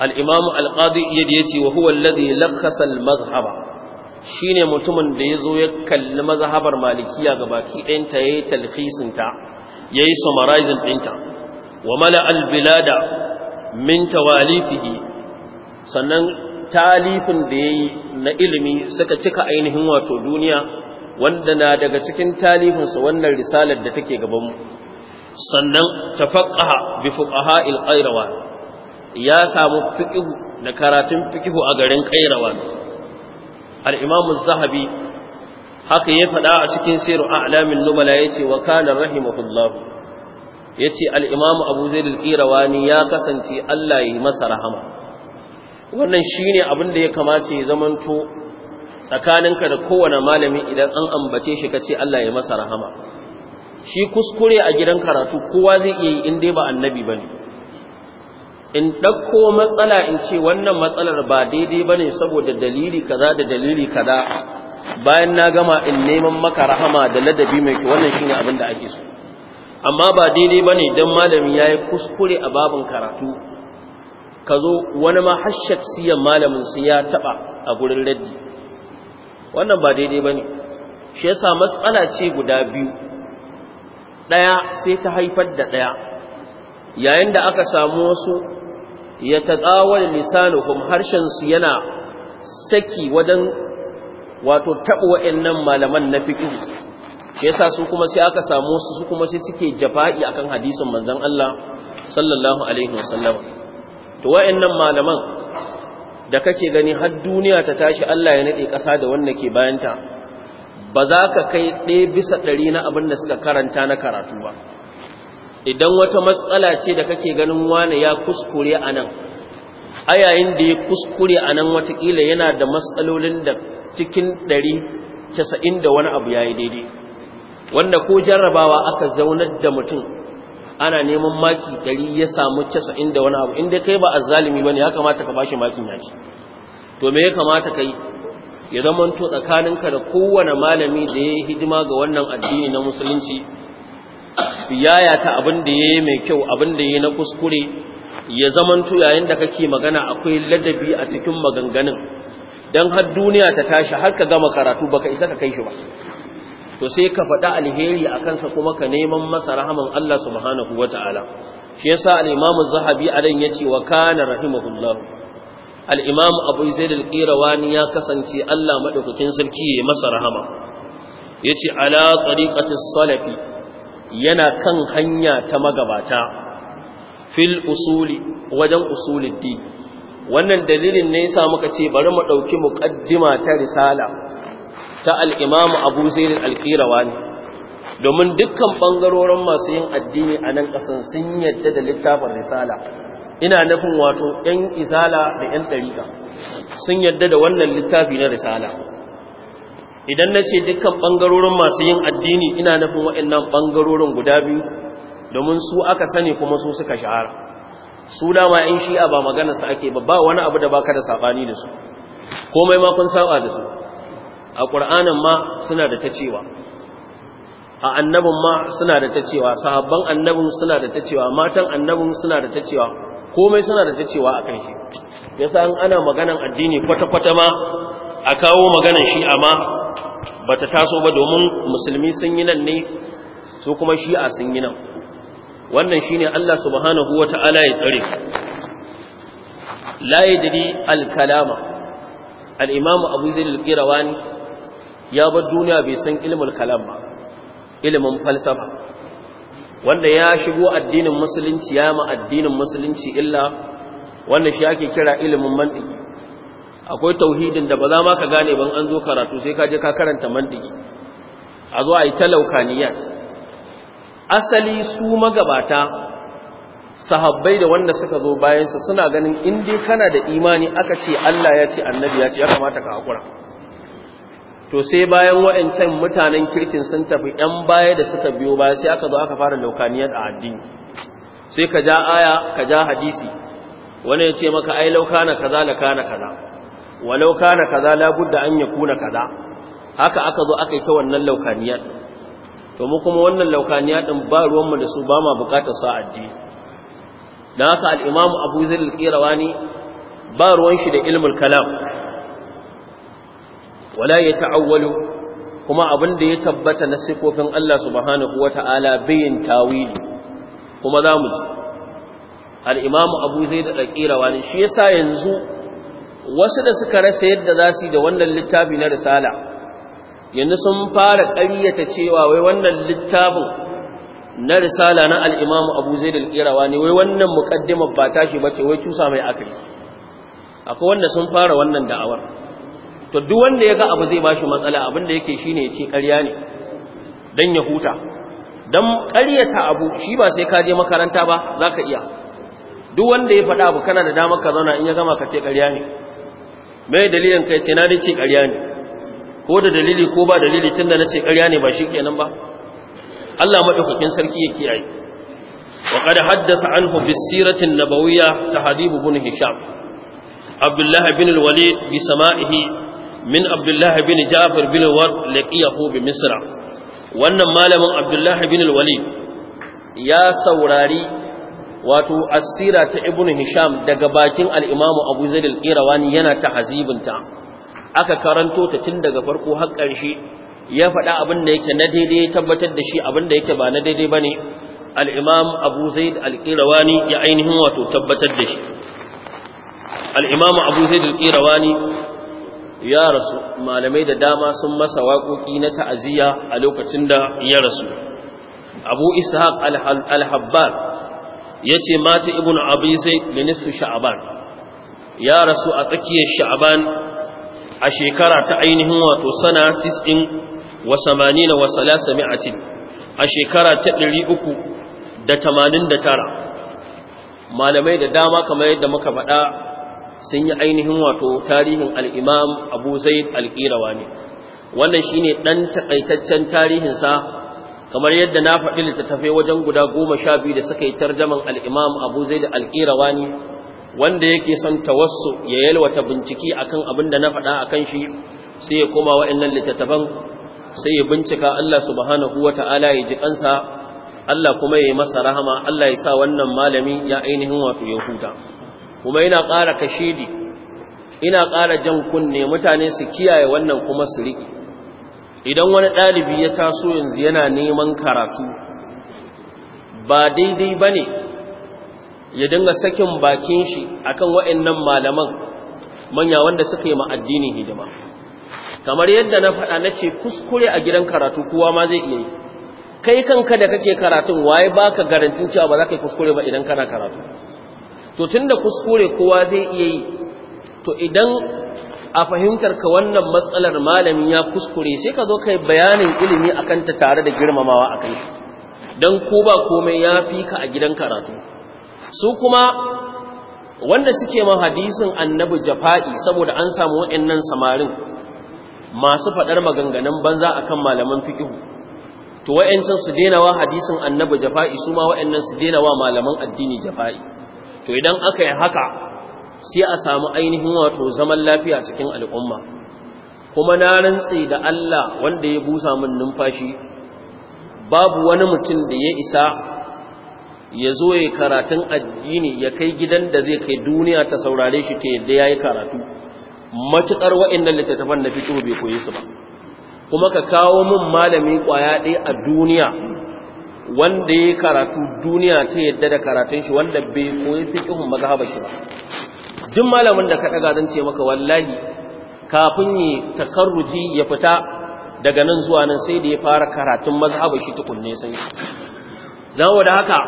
[SPEAKER 1] al'imamu al'adu iya da ya ce wa huwa lakasal mazhaba shi ne mutumin da ya zo ya kalli mazhabar malikiya ga baki ɗinta ya yi talfisinta ya yi summarizing ɗinta wa mala albilada min tawalifihi sannan talifin da ya yi na ilimi suka cika ainihin wato duniya wanda na daga cikin talifinsa wannan risalar da take gabanmu sannan tafaqaha bi fuqaha al-qayrawan ya samu fiƙihu da karatun fiƙihu a garin qayrawan al zahabi haka ya faɗa a cikin siru a'lamin numala ce wa kana rahimahullah Ya ce imam abu zaid ya kasance Allah yi masa rahama wannan shine abin da ya kamace ya zamanto tsakaninka da kowane malami idan an ambace shi kace Allah ya masa rahama shi kuskure a gidan karatu kowa zai iya yi in dai ba annabi bane in dauko matsala in ce wannan matsalar ba daidai bane saboda dalili kaza da dalili kaza bayan na gama in neman maka rahama da ladabi mai kyau wannan shine abin da ake so amma ba daidai bane dan malami yayi kuskure a babin karatu ka zo wani ma siyan siyan malamin su ya taba a gurin raddi wannan ba daidai bane shi yasa matsala ce guda biyu Ɗaya sai ta haifar da ɗaya. yayin da aka samu wasu ya taqawal lisanuhum harshen su yana saki wajen wato wa'in nan malaman na fiqh shi yasa su kuma sai aka samu wasu su kuma sai suke jafa'i akan hadisin manzan Allah sallallahu alaihi wasallam to wayannan malaman da kake gani har duniya ta tashi Allah ya nade kasa da wanda ke bayanta ba za ka kai ɗaya bisa ɗari na abin da suka karanta na karatu ba idan wata matsala ce da kake ganin wani ya kuskure a nan a yayin da ya kuskure a nan watakila yana da matsalolin da cikin ɗari casa'in da wani abu ya yi daidai wanda ko jarrabawa aka zaunar da mutum ana neman maki ɗari ya samu casa'in da wani abu inda kai ba azzalimi ba ya kamata ka bashi makin naci to me ya kamata ka ya zama to tsakaninka da kowane malami da yayi hidima ga wannan addini na musulunci biyaya ta abin da ya mai kyau abin da ya na kuskure ya zama to yayin da kake magana akwai ladabi a cikin maganganun dan har duniya ta tashi har ka gama karatu baka isa ka kai shi ba to sai ka faɗa alheri a kansa kuma ka neman masa rahaman Allah subhanahu wata'ala shi yasa al zahabi a zahabi ya yace wa kana rahimahullah al-Imam Abu Zaid al-Qirawani ya kasance Allah madaukakin sarki ya masa rahama yace ala tariqati salafi yana kan hanya ta magabata fil usuli wajen usulid wannan dalilin ne yasa muka ce bari mu dauki muqaddima ta risala ta al'imamu abu zainin ne domin dukkan ɓangarorin masu yin addini a nan ƙasan sun yadda da littafin risala ina nufin wato ‘yan izala da ‘yan ɗariƙa sun yadda da wannan littafi na risala idan na ce dukkan ɓangarorin masu yin addini ina nufin waɗannan ɓangarorin guda biyu domin su aka sani kuma su suka shahara su dama ‘yan shi'a ba maganarsa ake ba wani abu da baka da saɓani da su komai makon kun da su a ƙur'anin ma suna da ta cewa a annabin ma suna da ta cewa sahabban annabin suna da ta cewa matan annabin suna da ta cewa komai suna da ta cewa a kan shi yasa an ana maganan addini kwata-kwata ma a kawo maganan shi ma ba ta taso ba domin musulmi sun yi nan ne su kuma shi'a sun yi nan wannan shi ne Allah subhanahu wata'ala ya tsare
[SPEAKER 2] la al-kalama
[SPEAKER 1] al-imam abu zai ya bar duniya bai san ilimin kalam ba ilimin falsafa wanda ya shigo addinin musulunci ya ma addinin musulunci illa wanda shi ake kira ilimin mantiki akwai tauhidin da ba za ma ka gane ban an zo karatu sai ka je ka karanta mantiki a zo a yi talaukaniyat asali su magabata sahabbai da wanda suka zo bayansu suna ganin in dai kana da imani aka ce Allah ya ce annabi ya ce ya kamata ka hakura to sai bayan waɗancan mutanen kirkin sun tafi ‘yan baya da suka biyo baya sai aka zo aka fara laukaniyar a addini sai ka ja aya ka ja hadisi wani ya ce maka ai laukana kaza la kana kaza wa laukana kaza la budda an ya kuna kaza haka aka zo aka yi ta wannan laukaniyar to mu kuma wannan laukaniyar din ba ruwanmu da su ba ma bukatar sa addini dan haka al-imamu abu zil ne. ba ruwan shi da ilmul kalam wala ya ta'awwalu kuma abin da ya tabbata na sifofin Allah subhanahu wata'ala bayin tawili kuma za mu ji al-imam Abu Zaid al-Qirawani shi yasa yanzu wasu da suka rasa yadda za su yi da wannan littafi na risala yanzu sun fara ƙaryata cewa wai wannan littafin na risala na al-imam Abu Zaid al-Qirawani wai wannan muqaddimar ba tashi bace wai cusa mai akai akwai wanda sun fara wannan da'awar to duk wanda ya ga abu zai bashi matsala abin da yake shine ya ce ƙarya ne dan ya huta dan ƙaryata abu shi ba sai ka je makaranta ba zaka iya duk wanda ya faɗa abu kana da damar ka zauna in ya gama ka ce ƙarya ne Me dalilin kai sai na ce ƙarya ne ko da dalili ko ba dalili tun da na ce ƙarya ne ba shi kenan ba Allah maɗaukakin sarki ya kiyaye wa qad haddasa anhu bis sirati nabawiyya tahdib hisham Abdullah bin al bi sama'ihi min abdullahi bin ja'far bin laqiyahu bi misra wannan malamin abdullahi bin walid ya saurari wato asira ta ibnu hisham daga bakin al-imamu abu zaid al-qirawani yana tahzibinta aka karanto ta tun daga farko har ƙarshe ya faɗa abin da yake na daidai ya tabbatar da shi abin da yake ba na daidai bane al-imam abu zaid al-qirawani ya ainihin wato tabbatar da shi al-imam abu zaid al-qirawani ya rasu malamai da dama sun masa waƙoƙi na ta'aziyya a lokacin da ya rasu abu ishaq al-habbar ya ce mata ibn abisai ministu sha'aban ya rasu a tsakiyar sha'aban a shekara ta ainihin wato sana 90 wa 83 a shekara ta 389 malamai da dama kamar yadda muka faɗa sun yi ainihin wato tarihin al'imam abu zai alƙirawa ne wannan shi ne ɗan taƙaitaccen tarihinsa kamar yadda na faɗi littattafai wajen guda goma sha biyu da suka yi tarjaman al'imam abu da alƙirawa ne wanda yake son tawassu ya yalwata a kan abin da na faɗa a kan shi sai ya koma wa'annan littattafan sai ya bincika Allah subhanahu ta'ala ya ji kansa Allah kuma ya yi masa rahama Allah ya sa wannan malami ya ainihin wato ya huta kuma ina ƙara kashidi ina ƙara jan kunne mutane su kiyaye wannan kuma su riƙe idan wani ɗalibi ya taso yanzu yana neman karatu ba daidai ba ne ya dinga sakin bakin shi akan waɗannan malaman manya wanda suka yi ma'addinin hidima kamar yadda na faɗa na ce kuskure a gidan karatu kowa ma zai iya yi kai kanka da kake karatun waye baka garantin cewa ba za ka yi kuskure ba idan kana karatu to tun da kuskure kowa zai iya yi to idan a fahimtar ka wannan matsalar malami ya kuskure sai ka zo kai bayanin ilimi akan ta tare da girmamawa a kai don ko ba komai ya fi ka a gidan karatu su kuma wanda suke ma hadisin annabi jafa'i saboda an samu waɗannan samarin masu faɗar maganganun banza akan malaman fikihu to wa'ancan su dena wa hadisin annabi jafa'i su ma wa'annan su dena wa malaman addini jafa'i to idan aka yi haka sai a samu ainihin wato zaman lafiya cikin al'umma kuma na rantse da Allah wanda ya busa min numfashi babu wani mutum da ya isa ya zo ya karatun addini ya kai gidan da zai kai duniya ta saurare shi ta yadda ya yi karatu matuƙar wa'innan littattafan na fito bai koyi su ba kuma ka kawo min malami ƙwaya ɗaya a duniya wanda ya karatu duniya ta yadda da karatun shi wanda bai koyi fiqhun mazhaba shi ba duk malamin da ka daga zan ce maka wallahi kafin yi takarruji ya fita daga nan zuwa nan sai da ya fara karatun mazhaba shi tukunne sai dan da haka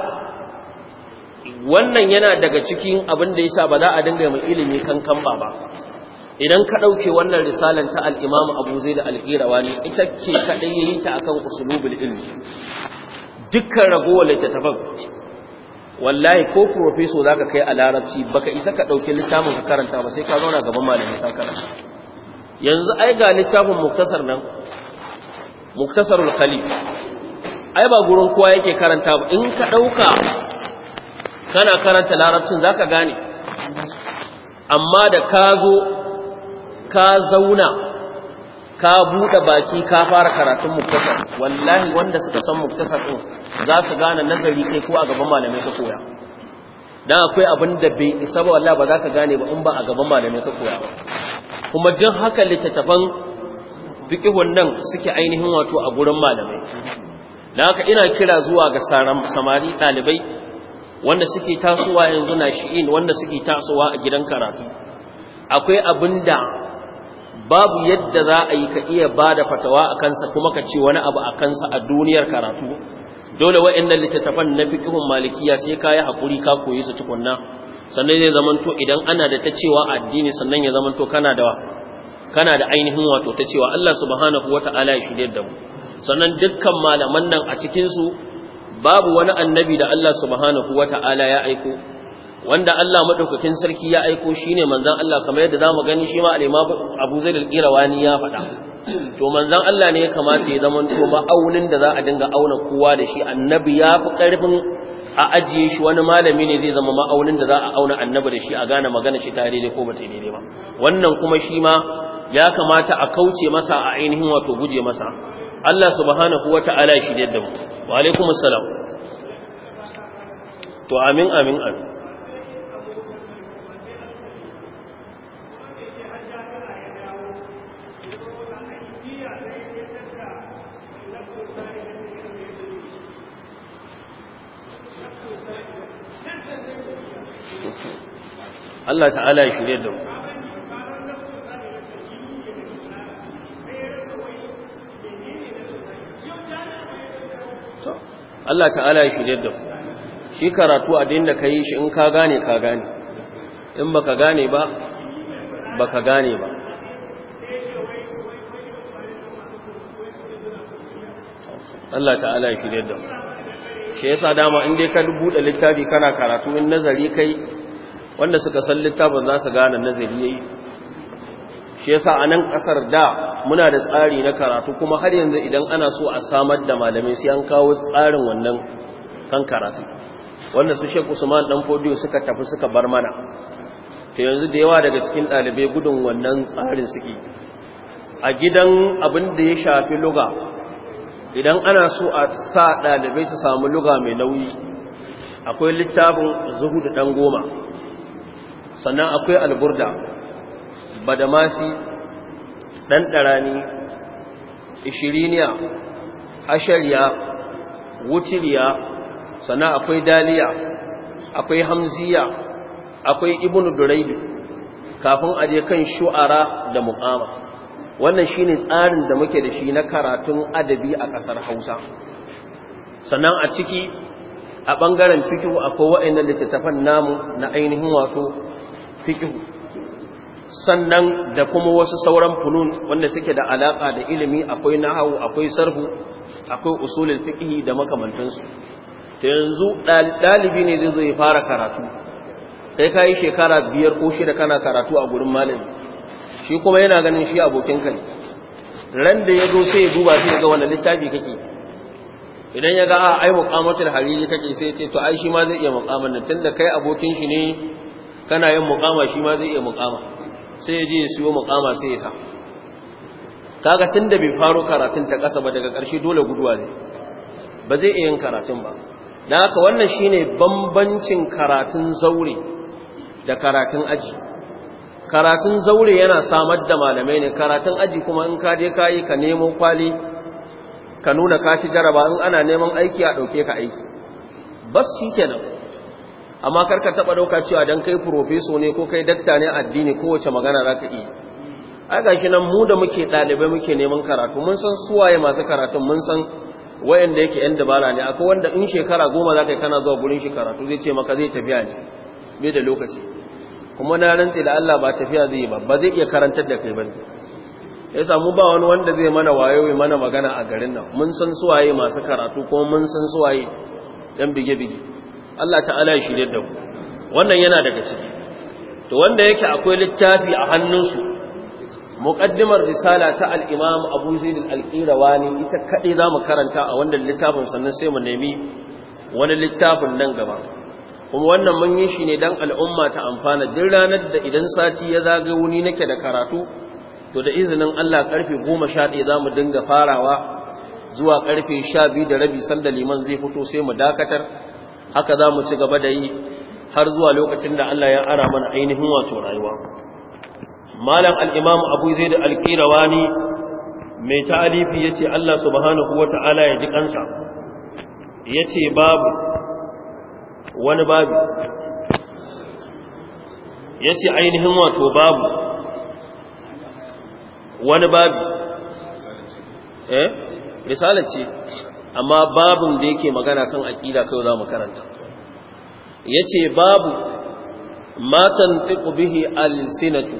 [SPEAKER 1] wannan yana daga cikin abin da yasa ba za a dinga mai ilimi kankan ba ba idan ka ɗauke wannan risalan ta al-Imam abu Zaid da alƙirawa ita ce kaɗai ya yi ta akan kan usulubul ilmi dukkan ragowar littattafan wallahi ko profeso za ka kai a larabci baka isa ka ɗauki littafin ka karanta ba sai ka zauna gaban malami ka karanta yanzu ai ga littafin muktasar nan muktasarul khalif ai ba gurin kowa yake karanta ba in ka ɗauka kana karanta larabcin za ka gane amma da ka zo ka zauna ka buɗe baki ka fara karatun muktasar wallahi wanda suka san muktasar ɗin za su gane nazari kai ko a gaban malamai ka koya dan akwai abin da bai isa ba wallahi ba za ka gane ba in ba a gaban malamai ka koya ba kuma duk haka littattafan fiqihun nan suke ainihin wato a gurin malamai dan haka ina kira zuwa ga samari dalibai, wanda suke tasowa yanzu na shi'in wanda suke tasowa a gidan karatu akwai abin da babu yadda za a yi ka iya ba da fatawa a kansa kuma ka ce wani abu a kansa a duniyar karatu dole inda littattafan na kihun malikiya sai ka yi haƙuri ka koyi su tukunna sannan zai to idan ana da ta cewa addini sannan ya zamanto kana da kana da ainihin wato ta cewa Allah subhanahu wata'ala ya da mu sannan dukkan malaman nan a cikin su babu wani annabi da Allah subhanahu wata'ala ya aiko wanda Allah madaukakin sarki ya aiko shine manzon Allah kamar yadda zamu gani shi ma al-Imam Abu Zaid al-Qirawani ya faɗa to manzon Allah ne ya kamata ya zama to ma'aunin da za a dinga auna kowa da shi annabi ya fi karfin a ajiye shi wani malami ne zai zama ma'aunin da za a auna annabi da shi a gane magana shi ta daidai ko ba ta daidai ba wannan kuma shi ma ya kamata a kauce masa a ainihin wato guje masa Allah subhanahu wata'ala shi da mu wa alaikumus salam to amin amin amin
[SPEAKER 2] Allah ta'ala ya shirye da mu
[SPEAKER 1] Allah ta'ala ya shirye da mu shi karatu a dinda ka yi shi in ka gane ka gane in baka gane ba baka gane ba
[SPEAKER 2] Allah ta'ala ya shirye da mu
[SPEAKER 1] shi yasa dama inda ka buɗe littafi kana karatu in nazari kai wanda suka san littafin za su gane nazari yayi shi yasa a nan ƙasar da muna da tsari na karatu kuma har yanzu idan ana so a samar da malamai sai an kawo tsarin wannan kan karatu wanda su Sheikh Usman dan Fodiyo suka tafi suka bar mana to yanzu da yawa daga cikin ɗalibai gudun wannan tsarin suke a gidan abin da ya shafi luga idan ana so a sa ɗalibai su samu luga mai nauyi akwai littafin da ɗan goma sannan akwai alburda badamasi ɗan ɗarani ishiriniya ashariya wuciriya sannan akwai daliya akwai hamziya akwai ibnu duraidu kafin a je kan shu'ara da muƙama wannan shine tsarin da muke da shi na karatun adabi a ƙasar Hausa sannan a ciki a ɓangaren fikihu akwai wa'annan littattafan namu na ainihin wato fikihu sannan da kuma wasu sauran funun wanda suke da alaƙa da ilimi akwai nahawu akwai sarhu akwai usulul fiqhi da makamantansu to yanzu ɗalibi ne zai zo ya fara karatu sai ka yi shekara biyar ko shida kana karatu a gurin malami shi kuma yana ganin shi abokinka ne ran da ya zo sai ya duba sai ya ga wanda littafi kake idan ya ga a ah, ai muqamatul hariri kake sai ya ce to ai shi ma zai iya muqaman nan tunda kai abokin shi ne kana yin muqama shi ma zai iya muqama sai ya je ya siyo muqama sai ya sa kaga tunda bai faro karatun ta kasa ba daga ƙarshe dole guduwa ne ba zai iya yin karatun ba dan haka wannan shine bambancin karatun zaure da karatun aji karatun zaure yana samar da malamai ne karatun aji kuma in ka je kayi ka nemo kwali ka nuna ka shi jaraba in ana neman aiki a ɗauke ka aiki bas shi kenan amma karka taɓa ɗauka cewa don kai furofeso ne ko kai dakta ne addini kowace magana za ka iya a gashi nan mu da muke ɗalibai muke neman karatu mun san suwaye masu karatu, mun san wayanda yake yan dabara ne akwai wanda in shekara goma za ka yi kana zuwa gurin shi karatu zai ce maka zai tafiya ne bai da lokaci kuma na rantsi da Allah ba tafiya zai yi ba ba zai iya karantar da kai ba ya samu ba wani wanda zai mana wayo mana magana a garin nan mun san suwaye masu karatu kuma mun san suwaye yan bige-bige Allah ta'ala ya shirye da ku wannan yana daga ciki to wanda yake akwai littafi a hannunsu muqaddimar risala ta al-Imam Abu Zaid al-Qirawani ita kadai zamu karanta a wannan littafin sannan sai mu nemi wani littafin nan gaba kuma wannan mun yi shi ne don al'umma ta amfana duk ranar da idan sati ya zaga wuni nake da karatu to da izinin Allah karfe 11 mu dinga farawa zuwa karfe biyu da rabi sanda liman zai fito sai mu dakatar haka za mu ci gaba da yi har zuwa lokacin da Allah ya ara mana ainihin wato rayuwa malam al-imam Abu Zaid al mai ta'alifi yace Allah subhanahu ta'ala ya ji kansa yace babu wani babu ya ce ainihin wato babu wani babu eh risala ce amma babun da yake magana kan aƙida kai za mu karanta ya ce babu matan tiku bihi sinatu,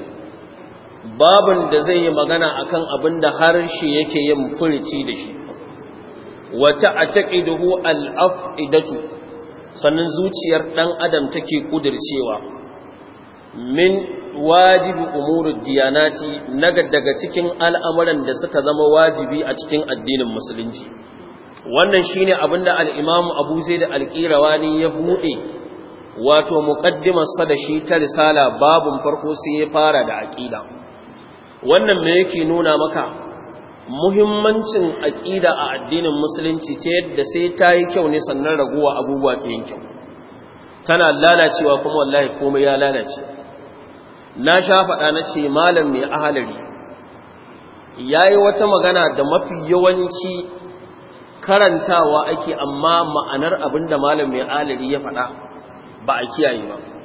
[SPEAKER 1] babun da zai yi magana akan abin da harshe yake yin furici da shi wata a taƙiduhu idatu. sannan zuciyar ɗan adam take ƙudircewa min wajibi umurud diyanati naga daga cikin al'amuran da suka zama wajibi a cikin addinin musulunci wannan shine abinda da al'imamu Abu da alƙirawa ne ya buɗe wato muƙaddimarsa da shi ta risala babun farko sai ya fara da aƙida wannan me yake nuna maka muhimmancin aƙida a addinin musulunci ta yadda sai ta yi kyau ne sannan raguwa abubuwa ta yin kyau tana lalacewa kuma wallahi komai ya lalace na sha faɗa na ce malam mai ahalari ya yi wata magana da mafi yawanci karantawa ake amma ma'anar abinda malam mai ahalari ya faɗa ba a kiyaye ba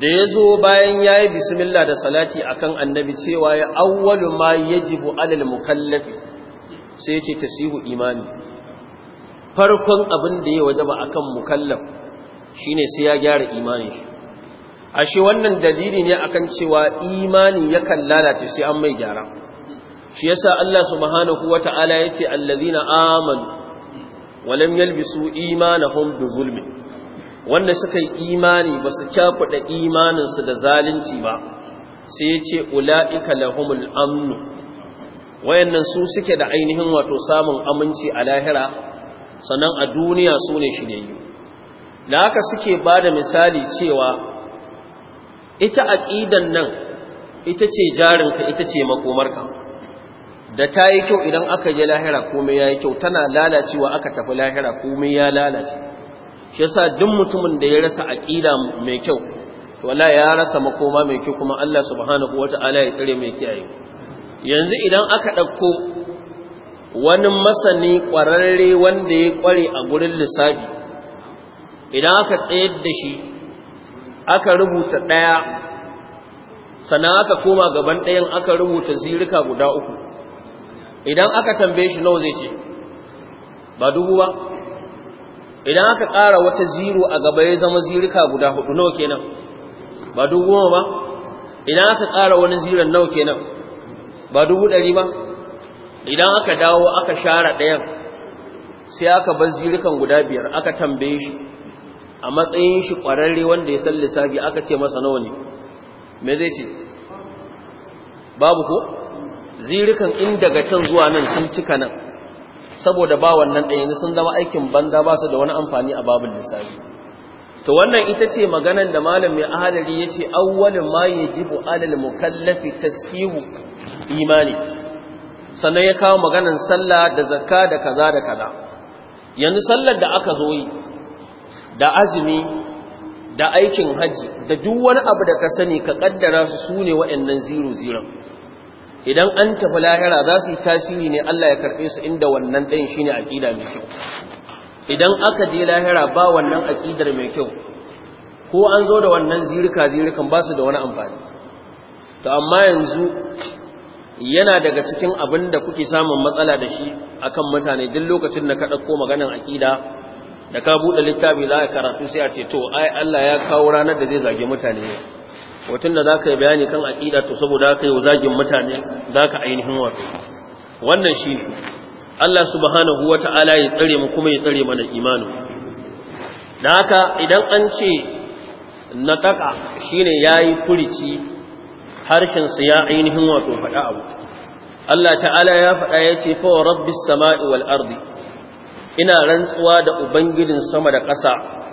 [SPEAKER 1] da ya zo bayan ya yi bismillah da salati akan annabi cewa ya awwalu ma yajibu alal mukallafi sai ce tasihu imani farkon abin da ya wajaba akan mukallaf shine sai ya gyara imanin shi ashe wannan dalili ne akan cewa imani yakan lalace sai an mai gyara shi yasa Allah subhanahu wataala yace allazina amanu wa lam yalbisu imanahum bi zulmin wanda suka yi imani ba su cakuɗa imaninsu da zalunci ba sai ya ce ula'ika lahumul amnu wayannan su suke da ainihin wato samun aminci a lahira sannan a duniya su ne shiryayyu da haka suke ba da misali cewa ita aƙidan nan ita ce jarinka ita ce makomarka da ta yi kyau idan aka yi lahira komai ya yi kyau tana lalacewa aka tafi lahira komai ya lalace shi yasa duk mutumin da ya rasa aqida mai kyau to Allah ya rasa makoma mai kyau kuma Allah subhanahu wataala ya tsare mai kiyaye yanzu idan aka dauko wani masani kwararre wanda ya kware a gurin lissafi idan aka tsayar da shi aka rubuta daya sannan aka koma gaban dayan aka rubuta zirika guda uku idan aka tambaye shi nawa zai ce ba dubu ba idan aka ƙara wata ziro a gaba ya zama zirika guda hudu nawa kenan ba dubu ba idan aka ƙara wani ziron nawa kenan ba dubu ɗari ba idan aka dawo aka share ɗayan sai aka bar zirikan guda biyar aka tambaye shi a matsayin shi ƙwararre wanda ya san lissafi aka ce masa nawa ne me zai ce babu ko zirikan in daga can zuwa nan sun cika nan saboda ba wannan ɗaya yanzu sun zama aikin banza ba su da wani amfani a babin lissafi to wannan ita ce maganar da malam mai ahalari ya ce awwalin ma ji bu alal mukallafi tasihu imani sannan ya kawo maganar sallah da zakka da kaza da kaza yanzu sallar da aka zo yi da azumi da aikin haji da duk wani abu da ka sani ka ƙaddara su sune waɗannan ziro zero idan an tafi lahira za su yi tasiri ne Allah ya karɓe su inda wannan ɗayan shi ne aƙida mai kyau idan aka je lahira ba wannan aƙidar mai kyau ko an zo da wannan zirka zirkan ba su da wani amfani to amma yanzu yana daga cikin abin da kuke samun matsala da shi akan mutane duk lokacin da ka ɗauko maganar aƙida da ka buɗe littafi za a karatu sai a ce to ai Allah ya kawo ranar da zai zage mutane hoton da za ka yi bayani kan aƙida to saboda ka yi zagin mutane za ka ainihin wato wannan shi ne Allah subhanahu wa ta'ala ya tsare mu kuma ya tsare mana imanu da haka idan an ce na taƙa shi ne ya yi furici harshensa ya ainihin wato faɗa abu Allah ta'ala ya faɗa ya ce fa rabbis sama'i wal ardi ina rantsuwa da ubangijin sama da ƙasa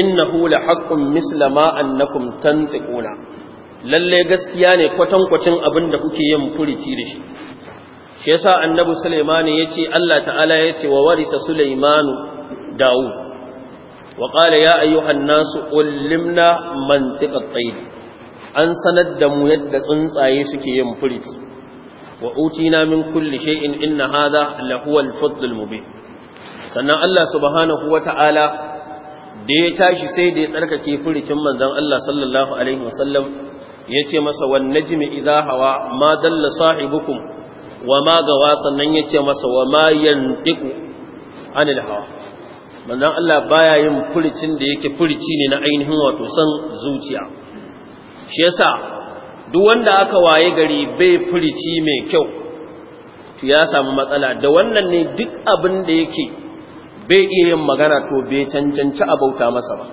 [SPEAKER 1] innahu la haqqun misla ma annakum tantiquna lalle gaskiya ne kwatankwacin abin da kuke yin furici da shi shi yasa annabi sulaiman yace Allah ta'ala yace wa warisa sulaiman daud wa qala ya ayyuhan nasu ullimna mantiqat tayyib an sanar da mu yadda tsuntsaye suke yin furici wa utina min kulli shay'in inna hadha la huwa al-fadl al-mubin sannan Allah subhanahu wa ta'ala da ya tashi sai da ya tsarkake furicin manzan Allah sallallahu alaihi wasallam yace masa wa najmi idha hawa ma dalla sahibukum wa ma gawa sannan ce masa wa ma yantiqu anil hawa Manzan Allah baya yin furicin da yake furici ne na ainihin wato san zuciya shi yasa duk wanda aka waye gari bai furici mai kyau to ya samu matsala da wannan ne duk abin da yake bai iya yin magana to bai cancanci a bauta masa ba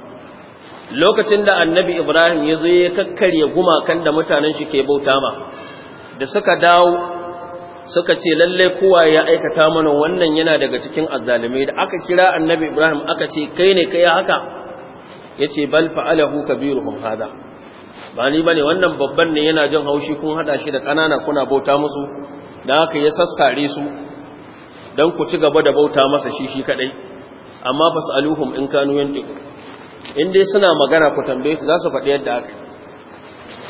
[SPEAKER 1] lokacin da annabi ibrahim ya zo ya kakkarye gumakan da mutanen shi ke bauta ma da suka dawo suka ce lalle kowa ya aikata mana wannan yana daga cikin azzalumai da aka kira annabi ibrahim aka ce kai ne kai haka yace ce bal fa'alahu kabiruhum hada ba ni bane wannan babban ne yana jin haushi kun hada shi da kanana kuna bauta musu da haka ya sassare su dan ku ci gaba da bauta masa shi shi kadai amma saluhum in kanu yantiqu in dai suna magana ku tambaye su zasu faɗi yadda aka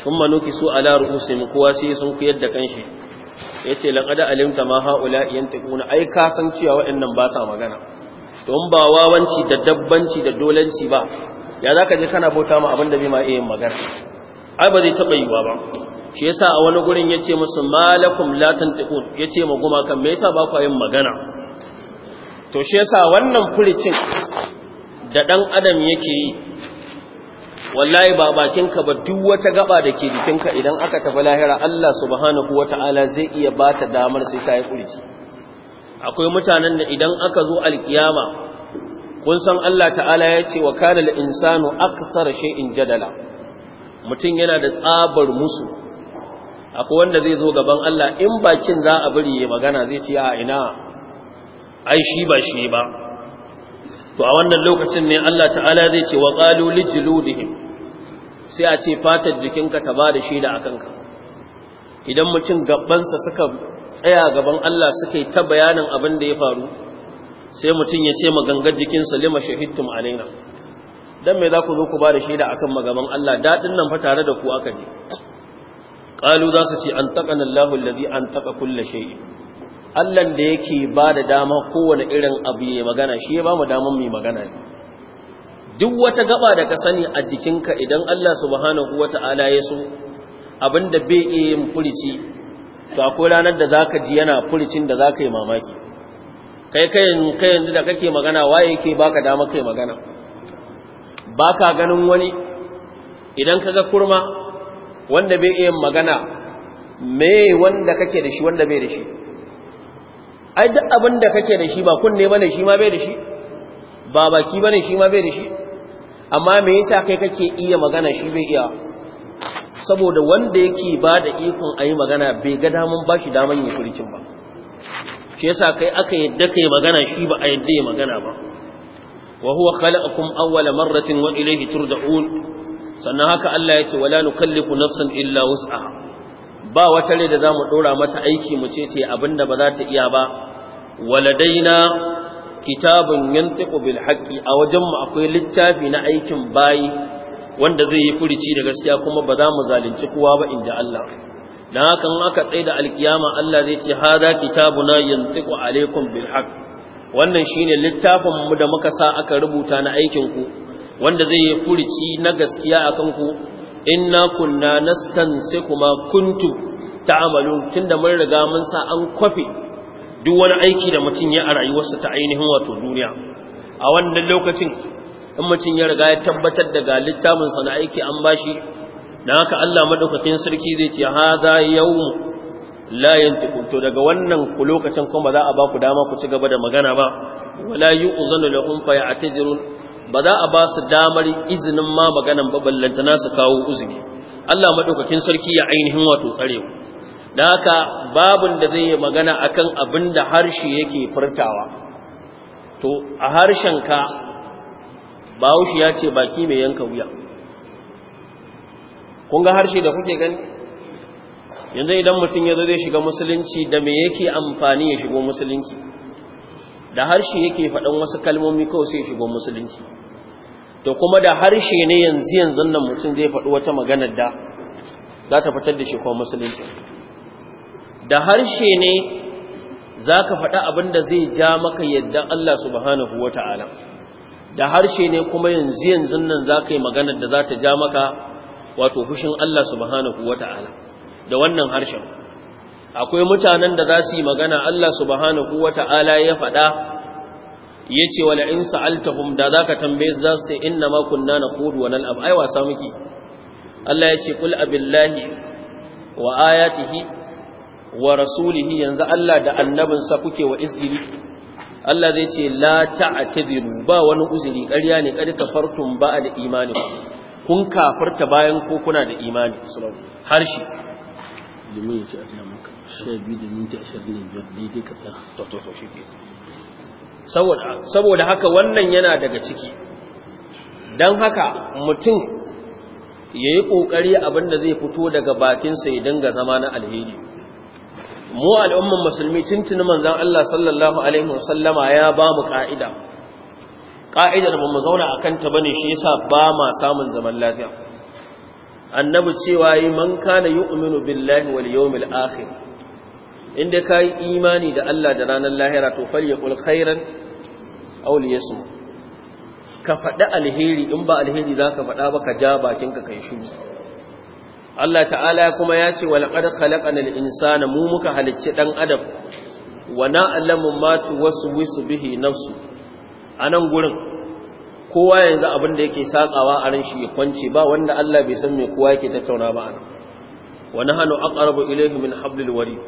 [SPEAKER 1] kuma manuki su ala mu kowa sai sun ku yadda kanshi yace laqad alimta ma haula yantiquna ai ka san cewa waɗannan ba sa magana don ba wawanci da dabbanci da dolanci ba ya zaka je kana bauta ma abinda bai ma iya magana ai ba zai taba yiwa ba shi yasa a wani gurin yace musu malakum la tantiqun yace ma gumakan me yasa ba ku yin magana to shi yasa wannan furicin da ɗan adam yake yi wallahi ba bakinka ba duk wata gaba da ke jikinka idan aka tafi lahira Allah subhanahu wata'ala zai iya ba ta damar sai ta yi furici akwai mutanen da idan aka zo alkiyama kun san Allah ta'ala ya ce wa kana al-insanu akthar shay'in jadala mutum yana da tsabar musu akwai wanda zai zo gaban Allah in bakin za a bari ya magana zai ce a ina ai shi ba shi ba to a wannan lokacin ne Allah ta'ala zai ce wa qalu lijludihim sai a ce fatar jikinka ta bada shi da akanka idan mutum gabansa suka tsaya gaban Allah suka yi ta bayanin abin da ya faru sai mutum ya ce jikin jikinsa lima shahidtum alaina dan me za ku zo ku shi da shaida akan magaban Allah dadin nan fa tare da ku aka ne qalu za su ce an taqana Allahu allazi an kullu kulle shay'in Allahn da yake ba da dama kowane irin abu ya magana shi ya ba mu damar mai magana ne duk wata gaba da ka sani a jikinka idan Allah subhanahu ta’ala ya so abin da bai iya yin furici to akwai ranar da za ka ji yana furicin da ka yi mamaki kai kayan kayan da kake magana waye yake baka dama kai magana baka ganin wani idan kaga kurma wanda bai iya magana me wanda kake da shi wanda bai da shi ai duk abin da kake da shi ba kunne bane shi ma bai da shi ba baki bane shi ma bai da shi amma me yasa kai kake iya magana shi bai iya saboda wanda yake ba da ikon ayi magana bai ga daman bashi daman yi furcin ba shi yasa kai aka yadda kai magana shi ba a yadda ya magana ba wa huwa khalaqakum awwala marratin wa ilayhi turja'un sannan haka Allah ya ce wala nukallifu nafsan illa wus'aha ba wata rai da zamu dora mata aiki mu ce ce abinda ba za ta iya ba waladaina kitabun yantiqu bil haqqi a wajen mu akwai littafi na aikin bayi wanda zai yi furici da gaskiya kuma ba za mu zalunci kowa ba inda Allah dan haka in aka tsaida da alkiyama Allah zai ce hada kitabuna yantiqu alaikum bil haqq wannan shine littafin mu da muka sa aka rubuta na aikin ku wanda zai yi furici na gaskiya akan ku inna kunna kuma kuntu ta ta'malun tunda mun riga mun sa an kwafi duk wani aiki da mutum ya a rayuwarsa ta ainihin wato duniya a wannan lokacin in mutum ya riga ya tabbatar da ga littafinsa na aiki an bashi dan haka Allah madaukakin sarki zai ce za yawm la yantiqu to daga wannan ku lokacin kuma ba za a ba ku dama ku ci gaba da magana ba wala yu'zanu lahum fa ya'tazirun ba za a ba su damar izinin ma maganan ba ballanta su kawo uzuri Allah madaukakin sarki ya ainihin wato tsarewa daka babun da zai yi magana akan abin da harshe yake furtawa to a harshen ka bahaushe ya ce baki mai yanka wuya kun ga harshe da kuke gani yanzu idan mutum ya zo zai shiga musulunci da me yake amfani ya shigo musulunci da harshe yake faɗin wasu kalmomi kawai sai shigo musulunci to kuma da harshe ne yanzu yanzu nan mutum zai faɗi wata maganar da za ta fitar da shi musulunci da harshe ne za ka faɗi abin da zai ja maka yadda Allah subhanahu wa ta'ala da harshe ne kuma yanzu yanzu nan za ka yi maganar da za ta ja maka wato fushin Allah subhanahu wa ta'ala da wannan harshen akwai mutanen da za su yi magana Allah subhanahu wa ta'ala ya faɗa ya ce wala in sa'altahum da za ka tambaye su za su ce inna ma kunna na kudu wani al'abu. Aiwasa Allah ya ce kul abillahi wa ayatihi wa rasulihi yanzu Allah da annabinsa kuke wa izgiri Allah zai ce la ta'tadiru ba wani uzuri ƙarya ne kada kafartum ba da imani kun kafarta bayan ko kuna da imani harshe limin ya ce a ga maka 12 da minti ne da daidai ka tsara to to to shike saboda saboda haka wannan yana daga ciki dan haka mutum yayi kokari abinda zai fito daga bakin sa ya dinga zama na alheri mu al'umman musulmi tuntuni manzon Allah sallallahu alaihi wasallama ya ba mu ka'ida ka'idar ba mu zauna kanta ba ne shi yasa ba ma samun zaman lafiya annabi cewa yi man kana yu'minu billahi wal yawmil akhir inda kai imani da Allah da ranar lahira to falyakul khairan aw liyasmut ka faɗi alheri in ba alheri za ka faɗa ba ka ja bakinka kai shi Allah ta'ala kuma ya ce walaqad khalaqanal insana mu muka halicci ɗan adam wa na'lamu ma tuwaswisu bihi A anan gurin kowa yanzu abin da yake sakawa a ran shi ya kwance ba wanda Allah bai san me kowa yake tattauna ba anan wa aka aqrabu ilayhi min hablil warid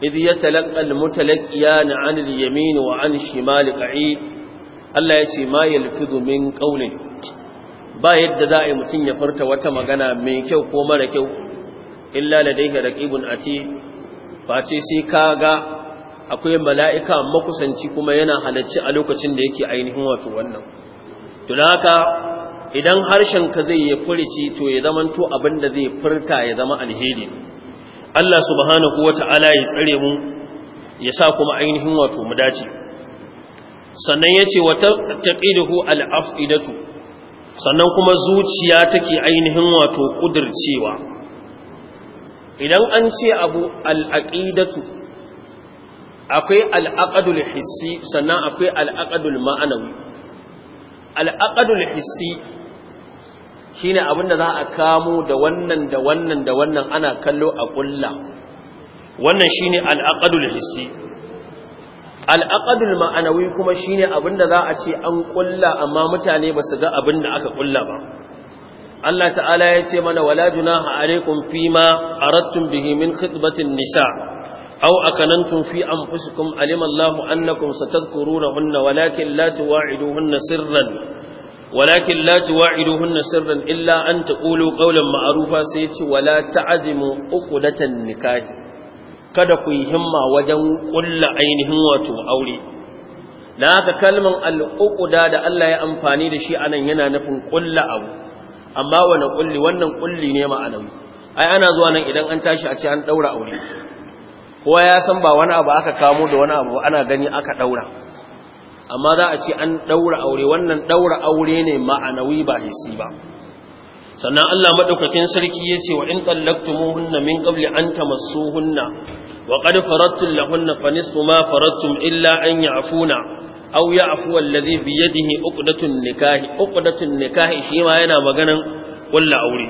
[SPEAKER 1] idh yatalaqqa al-mutalaqiyan 'an yamin wa 'an shimali qa'id Allah ya ce ma yalfidu min ƙaunin. ba yadda za a yi mutum ya furta wata magana mai kyau ko mara kyau illa ladaihi raqibun ati face sai ka ga akwai mala'ika makusanci kuma yana halarci a lokacin da yake ainihin wato wannan tunaka haka idan harshen ka zai yi furici to ya zamanto abin da zai furta ya zama alheri Allah subhanahu wata'ala ya tsare mu ya sa kuma ainihin wato mu dace sannan ya yace wata taƙidahu al’af idatu sannan kuma zuciya take ainihin wato kudircewa idan an ce abu al'aqidatu akwai al'aqadul hissi sannan akwai al'aqadul ma'anawi al'aqadul hissi shine abinda za a kamo da wannan da wannan da wannan ana kallo a kulla wannan shine al'aqadul hissi al'aqadul ma'anawi kuma shine abinda za a ce an ƙulla, amma mutane ba su ga abinda aka kulla ba Allah ta'ala ya ce mana wala junaha alaikum fima aradtum bihi min khitbatin nisa aw akanantum fi anfusikum alima Allahu annakum satadhkurunahunna walakin la tuwa'iduhunna sirran ولكن an تواعدوهن ƙaunar ma'arufa sai تقولوا قولا wala ta ولا تعزموا nikahi kada ku yi himma wajen ƙulla ainihin wato aure na haka kalman al'uƙuda da Allah ya amfani da shi anan yana nufin kulla abu amma wani kulli wannan kulli ne ma'anan ai ana zuwa nan idan an tashi a ce an ɗaura aure kowa ya san ba wani abu aka kamo da wani abu ana gani aka ɗaura amma za a ce an ɗaura aure wannan ɗaura aure ne ma'anawi ba hissi ba sannan Allah maɗaukakin sarki yace wa in tallaqtumuhunna min qabli an masuhunna wa farantun faradtum lahunna fanisfu ma faradtum illa an ya'funa aw ya'fu alladhi bi yadihi uqdatun nikahi uqdatun nikahi shi ma yana maganan walla aure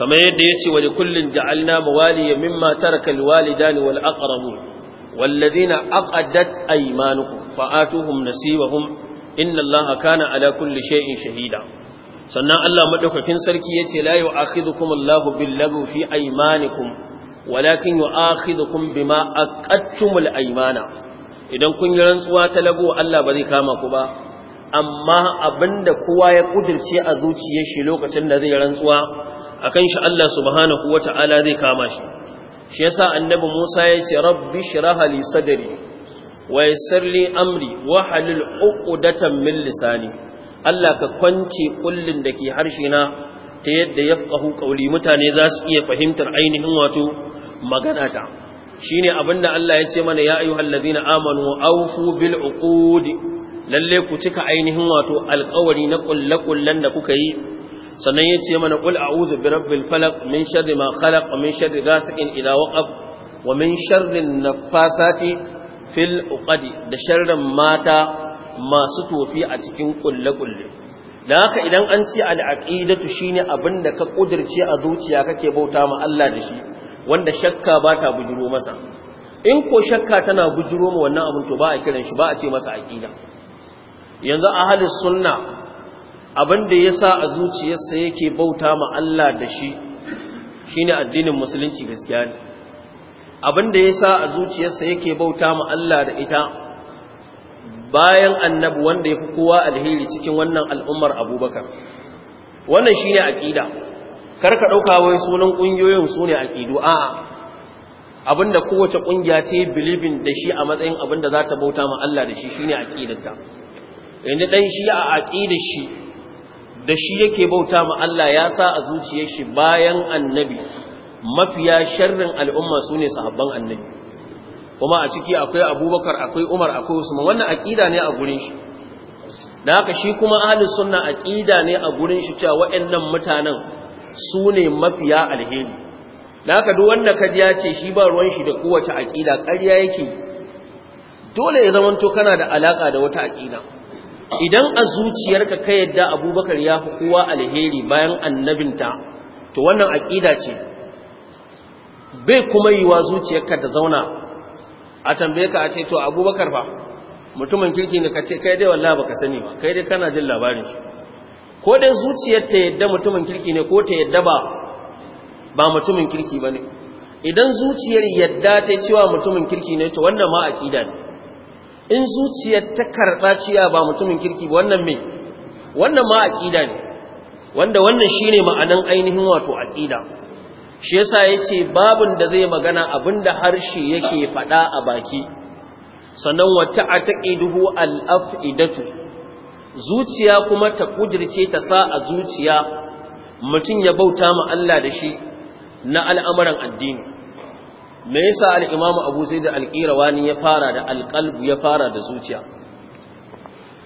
[SPEAKER 1] kamar yadda yace wa kullin ja'alna mawaliya mimma taraka alwalidani wal aqrabun walladhina aqadat aymanukum fa'atuhum nasibahum inna allaha kana ala kulli shay'in shahida sannan Allah madaukakin sarki yace la yu'akhidukum Allahu billaghwi fi aymanikum walakin yu'akhidukum bima aqattumul aymana idan kun yi rantsuwa ta lago Allah ba zai kama ku ba amma abinda kowa ya kudirce a zuciyar shi lokacin da zai rantsuwa akan shi Allah subhanahu wata'ala zai kama shi shi yasa annabi Musa ya ce rabbi shrah li sadri wa yassir li amri wa halil uqdatan min lisani Allah ka kwance ƙullin da ke harshe na ta yadda ya fahu ƙauli mutane za su iya fahimtar ainihin wato magana ta shi ne abinda Allah ya ce mana ya ayyuhal ladina amanu aufu bil uqudi lalle ku cika ainihin wato alƙawari na kullakullan da kuka yi sannan ya ce mana qul a'udhu bi rabbil falaq min sharri ma khalaq wa min sharri ghasiqin idha waqab wa min sharri fil da sharrin mata masu tofi a cikin kulle-kulle da haka idan an ce al'aqidatu shine abin da ka kudirce a zuciya kake bauta ma Allah da shi wanda shakka ba ta masa in ko shakka tana bujuro ma wannan abin to ba a kiran shi ba a ce masa aqida yanzu ahlus sunna abin da yasa a zuciyarsa yake bauta ma Allah da shi shine addinin musulunci gaskiya ne abin da yasa a zuciyarsa yake bauta ma Allah da ita bayan annabi wanda ya fi kowa alheri cikin wannan al'ummar abubakar wannan shi ne aƙida karka ɗauka wai sunan ƙungiyoyin su ne aƙidu a abinda kowace ƙungiya ta yi bilibin da shi a matsayin abinda za ta bauta ma Allah da shi shi ne aƙidarta yanzu ɗan shi a aƙidar shi da shi yake bauta ma Allah ya sa a zuciyar shi bayan annabi mafiya sharrin al'umma su ne sahabban annabi kuma a ciki akwai abubakar akwai umar akwai usman wannan aƙida ne a gurin shi da haka shi kuma ahalus sunna aƙida ne a gurin shi cewa waɗannan mutanen su ne mafiya alheri da haka duk wanda kaji ce shi ba ruwan shi da kowace aƙida ƙarya yake dole ya zamanto kana da alaƙa da wata aƙida idan a zuciyarka ka yadda abubakar ya fi kowa alheri bayan annabinta to wannan aƙida ce bai kuma yiwa zuciyarka da zauna a tambaye ka a ce to abubakar fa mutumin kirki ne ka ce kai dai wallahi baka sani ba kai dai kana jin labarin shi ko dai zuciyar ta yadda mutumin kirki ne ko ta yadda ba ba mutumin kirki bane idan zuciyar yadda ta yi cewa mutumin kirki ne to wannan ma akida ne in zuciyar ta karɓa ciya ba mutumin kirki ba wannan me wannan ma akida ne wanda wannan shine ma'anan ainihin wato akida shi yasa ce babun da zai magana abinda harshe yake fada a baki sannan wata ataqiduhu al-afidatu zuciya kuma ta ƙujirce ta sa a zuciya Mutum ya bauta ma Allah da shi na al'amuran addini me yasa al-imamu Abu da al-Qirawani ya fara da al ya fara da zuciya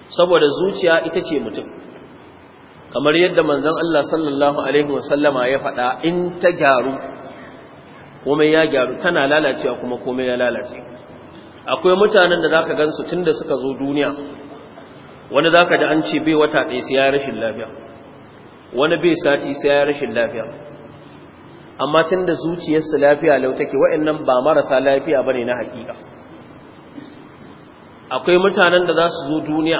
[SPEAKER 1] saboda zuciya ita ce mutum kamar yadda manzon Allah sallallahu alaihi wasallama ya faɗa in ta gyaru komai ya gyaru tana lalacewa kuma komai ya lalace akwai mutanen da zaka gansu tunda suka zo duniya wani zaka da an ce bai wata ɗaya sai ya rashin lafiya wani bai sati sai ya rashin lafiya amma tunda zuciyarsa lafiya lau take wa'annan ba marasa lafiya bane na hakika akwai mutanen da za su zo duniya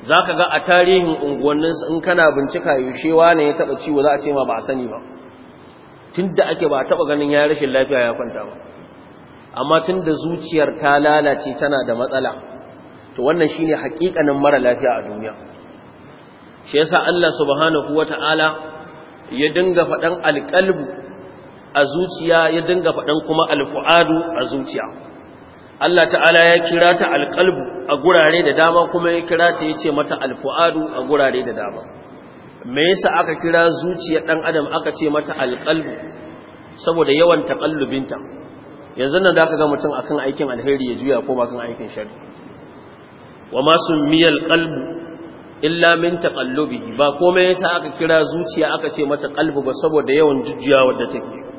[SPEAKER 1] za ka ga a tarihin unguwannin in kana bincika yushewa ne ya taba ciwo za a ce ma ba a sani ba tun da ake ba a taɓa ganin ya rashin lafiya ya kwanta ba amma tun da zuciyar ta lalace tana da matsala to wannan shi ne hakikanin mara lafiya a duniya shi yasa Allah subhanahu wata'ala ya dinga faɗan alƙalbu a zuciya ya dinga faɗan kuma alfu'adu a zuciya Allah ta'ala ya kira ta alƙalbu a gurare da dama kuma ya kira ta ya ce mata alfu'adu a gurare da dama me yasa aka kira zuciyar ɗan adam aka ce mata alƙalbu saboda yawan taƙallubinta yanzu nan da aka ga mutum akan aikin alheri ya juya ko ba kan aikin shari wa ma miyar ƙalbu illa min taƙallubi ba komai yasa aka kira zuciya aka ce mata ƙalbu ba saboda yawan jujjuyawar da take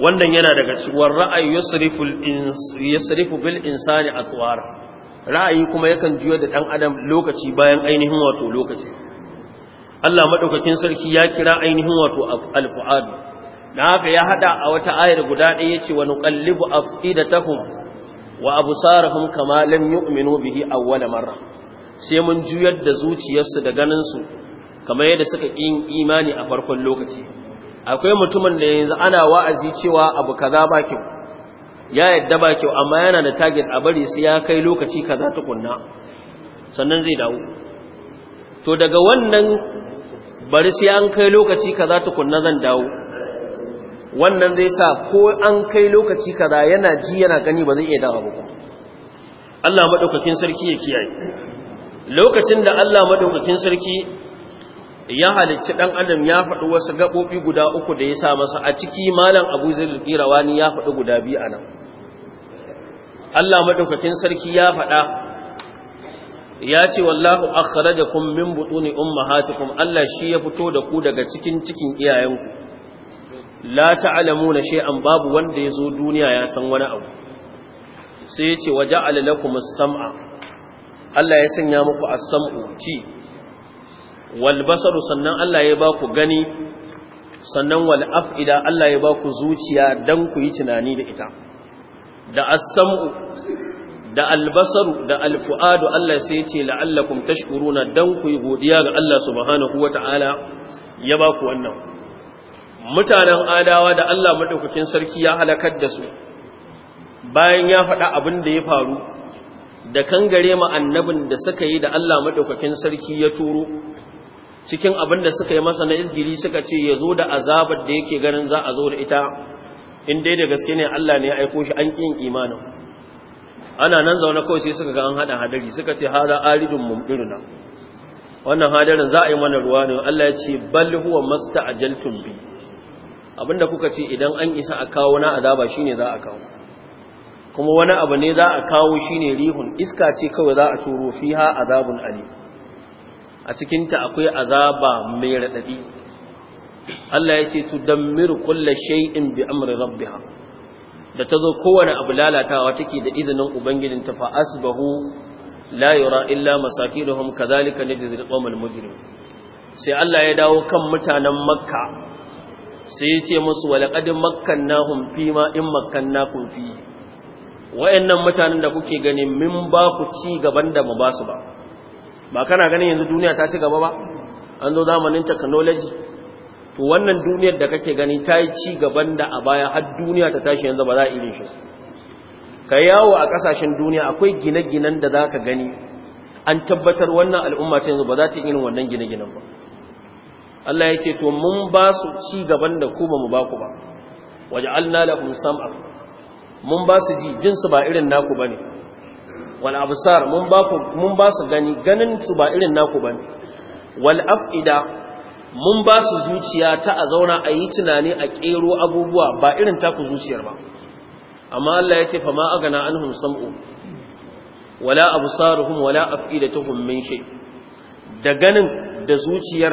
[SPEAKER 1] wannan yana daga ciwon ra'ayi yusrifu bil insani atwara ra'ayi kuma yakan juya da dan adam lokaci bayan ainihin wato lokaci Allah madaukakin sarki ya kira ainihin wato al-fu'ad dan haka ya hada a wata ayar guda ɗaya yace wa nuqallibu afidatahum wa absarahum kama lam yu'minu bihi awwala marra sai mun juyar da zuciyarsu da ganin su kamar yadda suka yin imani a farkon lokaci akwai mutumin da yanzu ana wa'azi cewa abu kaza ba kyau ya yadda ba kyau amma yana da target a bari sai ya kai lokaci kaza kunna sannan zai dawo to daga wannan bari sai an kai lokaci kaza kunna zan dawo wannan zai sa ko an kai lokaci kaza yana ji yana gani ba zai iya dawo ba Allah madaukakin sarki ya kiyaye lokacin da Allah madaukakin sarki ya halicci dan adam ya faɗi wasu gaɓoɓi guda uku da ya sa masa a ciki malam abu Kira wani ya faɗi guda biyu a nan Allah maɗaukakin sarki ya faɗa ya ce wallahu kun min buɗu ne, butuni ummahatikum Allah shi ya fito da ku daga cikin cikin iyayenku la shi an babu wanda ya zo duniya ya san wani abu sai ya ce waje alalakumus sama Allah ya sanya muku as-sam'u ci Walbasaru sannan Allah ya ba ku gani sannan wal af'ida Allah ya ba ku zuciya dan ku yi tunani da ita da as-sam'u da albasaru, da alfu'adu Allah sai ya ce la'allakum tashkuruna dan ku yi godiya ga Allah subhanahu wata'ala ya ba ku wannan mutanen adawa da Allah madaukakin sarki ya halakar da su bayan ya faɗa abin da ya faru da kangare ma annabin da suka yi da Allah madaukakin sarki ya turo cikin abin da suka yi masa na izgiri suka ce ya zo da azabar da yake ganin za a zo da ita in dai da gaske ne Allah ne ya aiko shi an ƙin imanin ana nan zaune kawai sai suka ga an haɗa hadari suka ce hada aridun mumdiruna wannan hadarin za a yi mana ruwa ne Allah ya ce bal huwa masta'jaltum bi abinda kuka ce idan an isa a kawo na azaba shine za a kawo kuma wani abu ne za a kawo shine rihun iska ce kawai za a turo fiha azabun alim a cikinta akwai azaba mai raɗaɗi Allah ya ce tudammiru kulla shay'in bi amri rabbiha da tazo kowane abu lalatawa take da izinin ubangijin ta fa asbahu la yura illa masakinuhum kadhalika najzi al-qawmal mujrim sai Allah ya dawo kan mutanen makka sai ya ce musu walaqad makkannahum ma in makkannakum fi wa'annan mutanen da kuke gani min ba ku ci gaban da mu ba su ba ba kana ganin yanzu duniya ta ci gaba ba an zo zamanin technology to wannan duniyar da kake gani ta yi ci gaban da a baya har duniya ta tashi yanzu ba za a irin shi ka yawo a kasashen duniya akwai gine-ginen da za ka gani an tabbatar wannan al'umma ta yanzu ba za ta irin wannan gine-ginen ba Allah ya ce to mun ba su ci gaban da ku mu ba ku ba waja'alna lahum sam'a mun ba su ji jinsu ba irin naku bane wal absar mun ba ku mun ba su gani ganin su ba irin naku bane wal afida mun ba su zuciya ta a zauna a yi tunani a kero abubuwa ba irin taku zuciyar ba amma Allah ya ce fa ma agana anhum sam'u wala absaruhum wala afidatuhum min shay da ganin da zuciyar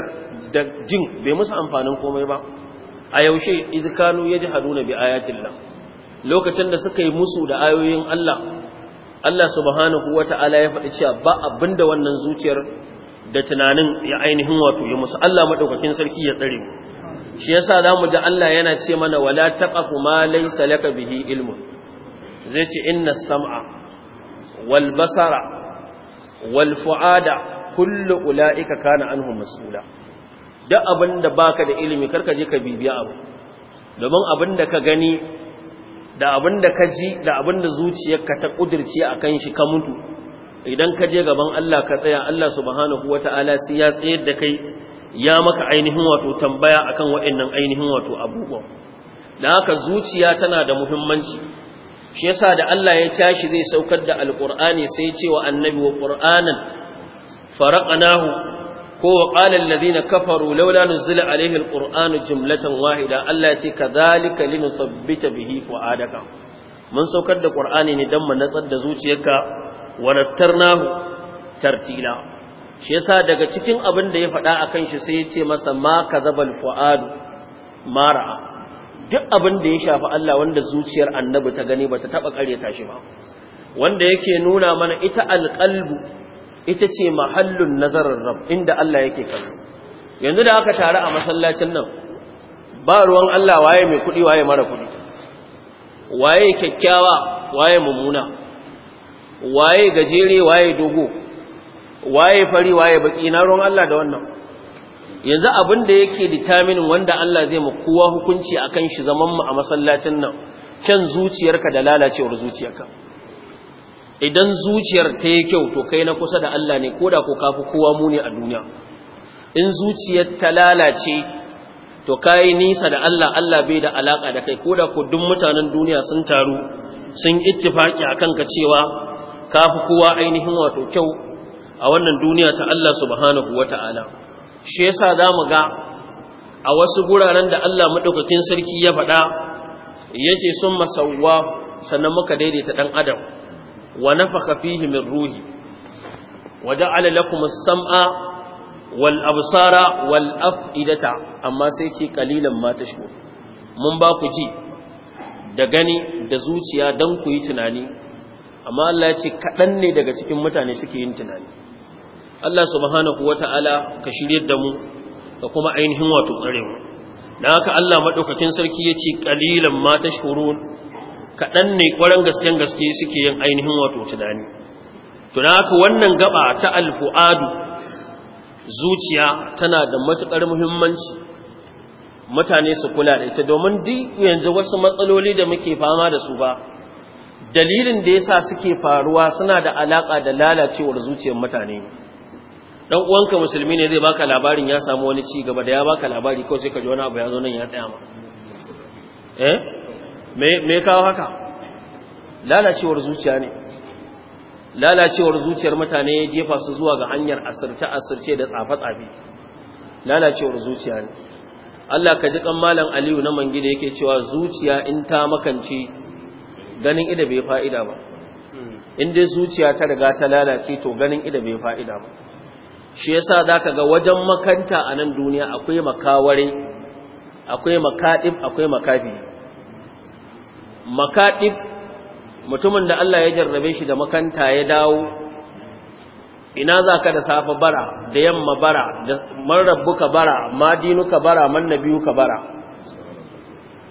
[SPEAKER 1] da jin bai musu amfanin komai ba a yaushe idkanu yajhaduna bi ayatillah lokacin da suka yi musu da ayoyin Allah Allah subhanahu wata'ala ya faɗi cewa ba abinda wannan zuciyar da tunanin ya ainihin wato ya musu Allah maɗaukakin sarki ya tsare mu shi yasa zamu ji Allah yana ce mana wala taqafu kuma laysa laka bihi ilmu zai ce inna sam'a wal basara wal fuada kullu ulaika kana anhu mas'ula duk abinda baka da ilimi karka je ka bibiya abu domin abinda ka gani da abin da ka ji da abin da zuciyarka ta kudirce akan shi ka mutu idan ka je gaban Allah ka tsaya Allah subhanahu wata'ala sai ya tsayar da kai ya maka ainihin wato tambaya akan waɗannan ainihin wato abubuwan da haka zuciya tana da muhimmanci shi yasa da Allah ya tashi zai saukar da Alƙur'ani sai ce wa annabi wa ƙur'anan faraqnahu ko wa qala na kafaru laula nuzila alaihi alqur'anu jumlatan wahida Allah ya ce kadhalika linusabbita bihi fuadaka mun saukar da ƙur'ani ne dan mu natsar da zuciyarka wa rattarnahu tartila shi yasa daga cikin abin da ya faɗa akan shi sai ya ce masa ma kadhabal fuadu mara'a. duk abin da ya shafi Allah wanda zuciyar annabi ta gani bata taba kareta shi ba wanda yake nuna mana ita alqalbu ita ce mahallun nazarar rab inda Allah yake kallo yanzu da aka tare a masallacin nan ba ruwan Allah waye mai kuɗi waye mara kuɗi waye kyakkyawa waye mumuna waye gajere waye dogo waye fari waye baki na ruwan Allah da wannan yanzu abin da yake determine wanda Allah zai mu kowa hukunci akan shi zaman mu a masallacin nan kyan zuciyarka da lalacewar zuciyarka idan zuciyar ta yi kyau to kai na kusa da Allah ne koda ko kafi kowa mu ne a duniya in zuciyar ta lalace to kai nisa da Allah Allah bai da alaka da kai koda ko duk mutanen duniya sun taru sun ittifaki akan ka cewa kafi kowa ainihin wato kyau a wannan duniya ta Allah subhanahu wataala shi yasa zamu ga a wasu guraren da Allah madaukakin sarki ya faɗa yake sun masawwa sannan muka daidaita dan adam wa nafakha fihi min ruhi wa ja'ala lakum as-sam'a wal absara wal af'idata amma sai ce kalilan ma mun ba ku ji da gani da zuciya dan ku yi tunani amma Allah ya ce kadan ne daga cikin mutane suke yin tunani Allah subhanahu wata'ala ka shirye da mu ka kuma ainihin wato ƙarewa. mu dan haka Allah madaukakin sarki yace ƙalilan ma tashkurun kaɗan ne ƙwarar gasken gaske suke yin ainihin wato tunani tuna haka wannan gaba ta alfu'adu zuciya tana da matuƙar muhimmanci mutane su kula da ita domin duk yanzu wasu matsaloli da muke fama da su ba dalilin da ya sa suke faruwa suna da alaƙa da lalacewar zuciyar mutane dan uwanka musulmi ne zai baka labarin ya samu wani ci gaba da ya baka labari ko sai ka ji wani abu ya zo nan ya tsaya ma eh me kawo haka lalacewar zuciya ne lalacewar zuciyar mutane ya jefa su zuwa ga hanyar asirce-asirce da tsafe-tsafe lalacewar zuciya ne Allah ka ji kan malam Aliyu na mangida yake cewa zuciya in ta makance ganin ida bai fa'ida ba in dai zuciya ta riga ta lalace to ganin ida bai fa'ida ba shi yasa zaka ga wajen makanta a nan duniya akwai makaware akwai makadib akwai makafi makaɗib mutumin da Allah ya jarrabe shi da makanta ya dawo ina za ka da safe bara da yamma bara da marabbuka bara madinuka bara mannabiyuka bara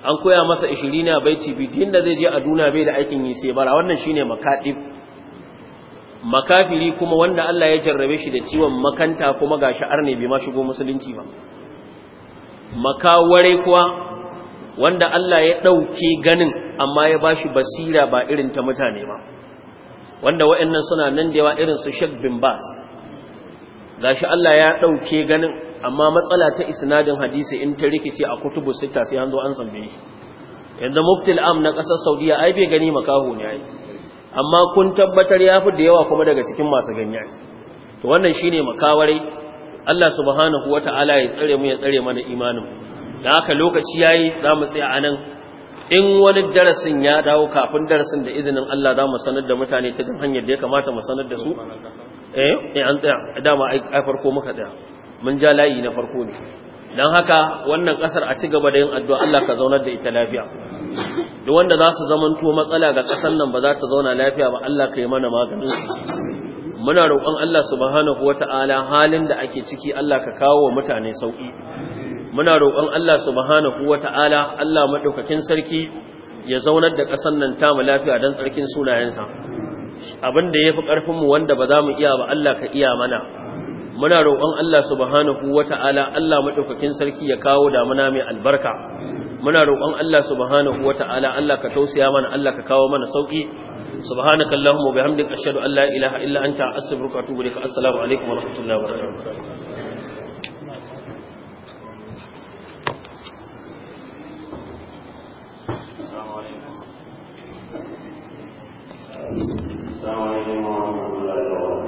[SPEAKER 1] an koya masa ishirini a baiti bidin da zai je a duna bai da aikin yi sai bara wannan shine makaɗib makafiri kuma wanda Allah ya jarrabe shi da ciwon makanta kuma gashi arne bai ma shigo musulunci ba makaware kuwa wanda Allah ya ɗauke ganin amma ya ba shi basira ba irin ta mutane ba wanda wa'annan suna nan da yawa irin su shek bin Bas gashi Allah ya ɗauke ganin amma matsala ta isnadin hadisi in ta rikici a kutubu sita sai an zo an zambe shi yanda muftil am na ƙasar Saudiya ai bai gani makaho ne ai amma kun tabbatar ya fi da yawa kuma daga cikin masu ganya to wannan shine makawarai Allah subhanahu ta'ala ya tsare mu ya tsare mana imanin da haka lokaci yayi za mu tsaya anan in wani darasin ya dawo kafin darasin da izinin Allah za mu sanar da mutane ta hanyar da ya kamata mu sanar da su eh, eh an tsaya dama ai farko muka tsaya mun ja layi na farko ne dan haka wannan kasar a ci gaba da yin addu'a Allah ka zaunar da ita lafiya duk wanda za su zamanto matsala ga kasar nan ba za ta zauna lafiya ba Allah ka yi mana magani muna roƙon Allah subhanahu wata'ala halin da ake ciki Allah ka kawo wa mutane sauki muna roƙon Allah subhanahu wata'ala Allah madaukakin sarki ya zaunar da ƙasar nan ta mu lafiya dan tsarkin sunayensa abin da yafi ƙarfin mu wanda ba za mu iya ba Allah ka iya mana muna roƙon Allah subhanahu wata'ala Allah madaukakin sarki ya kawo damuna mai albarka muna roƙon Allah subhanahu wata'ala Allah ka tausaya mana Allah ka kawo mana sauki subhanakallahumma wa bihamdika ashhadu an la ilaha illa anta astaghfiruka wa atubu ilaik assalamu alaikum wa rahmatullahi wa
[SPEAKER 2] 三位领导，四位来宾。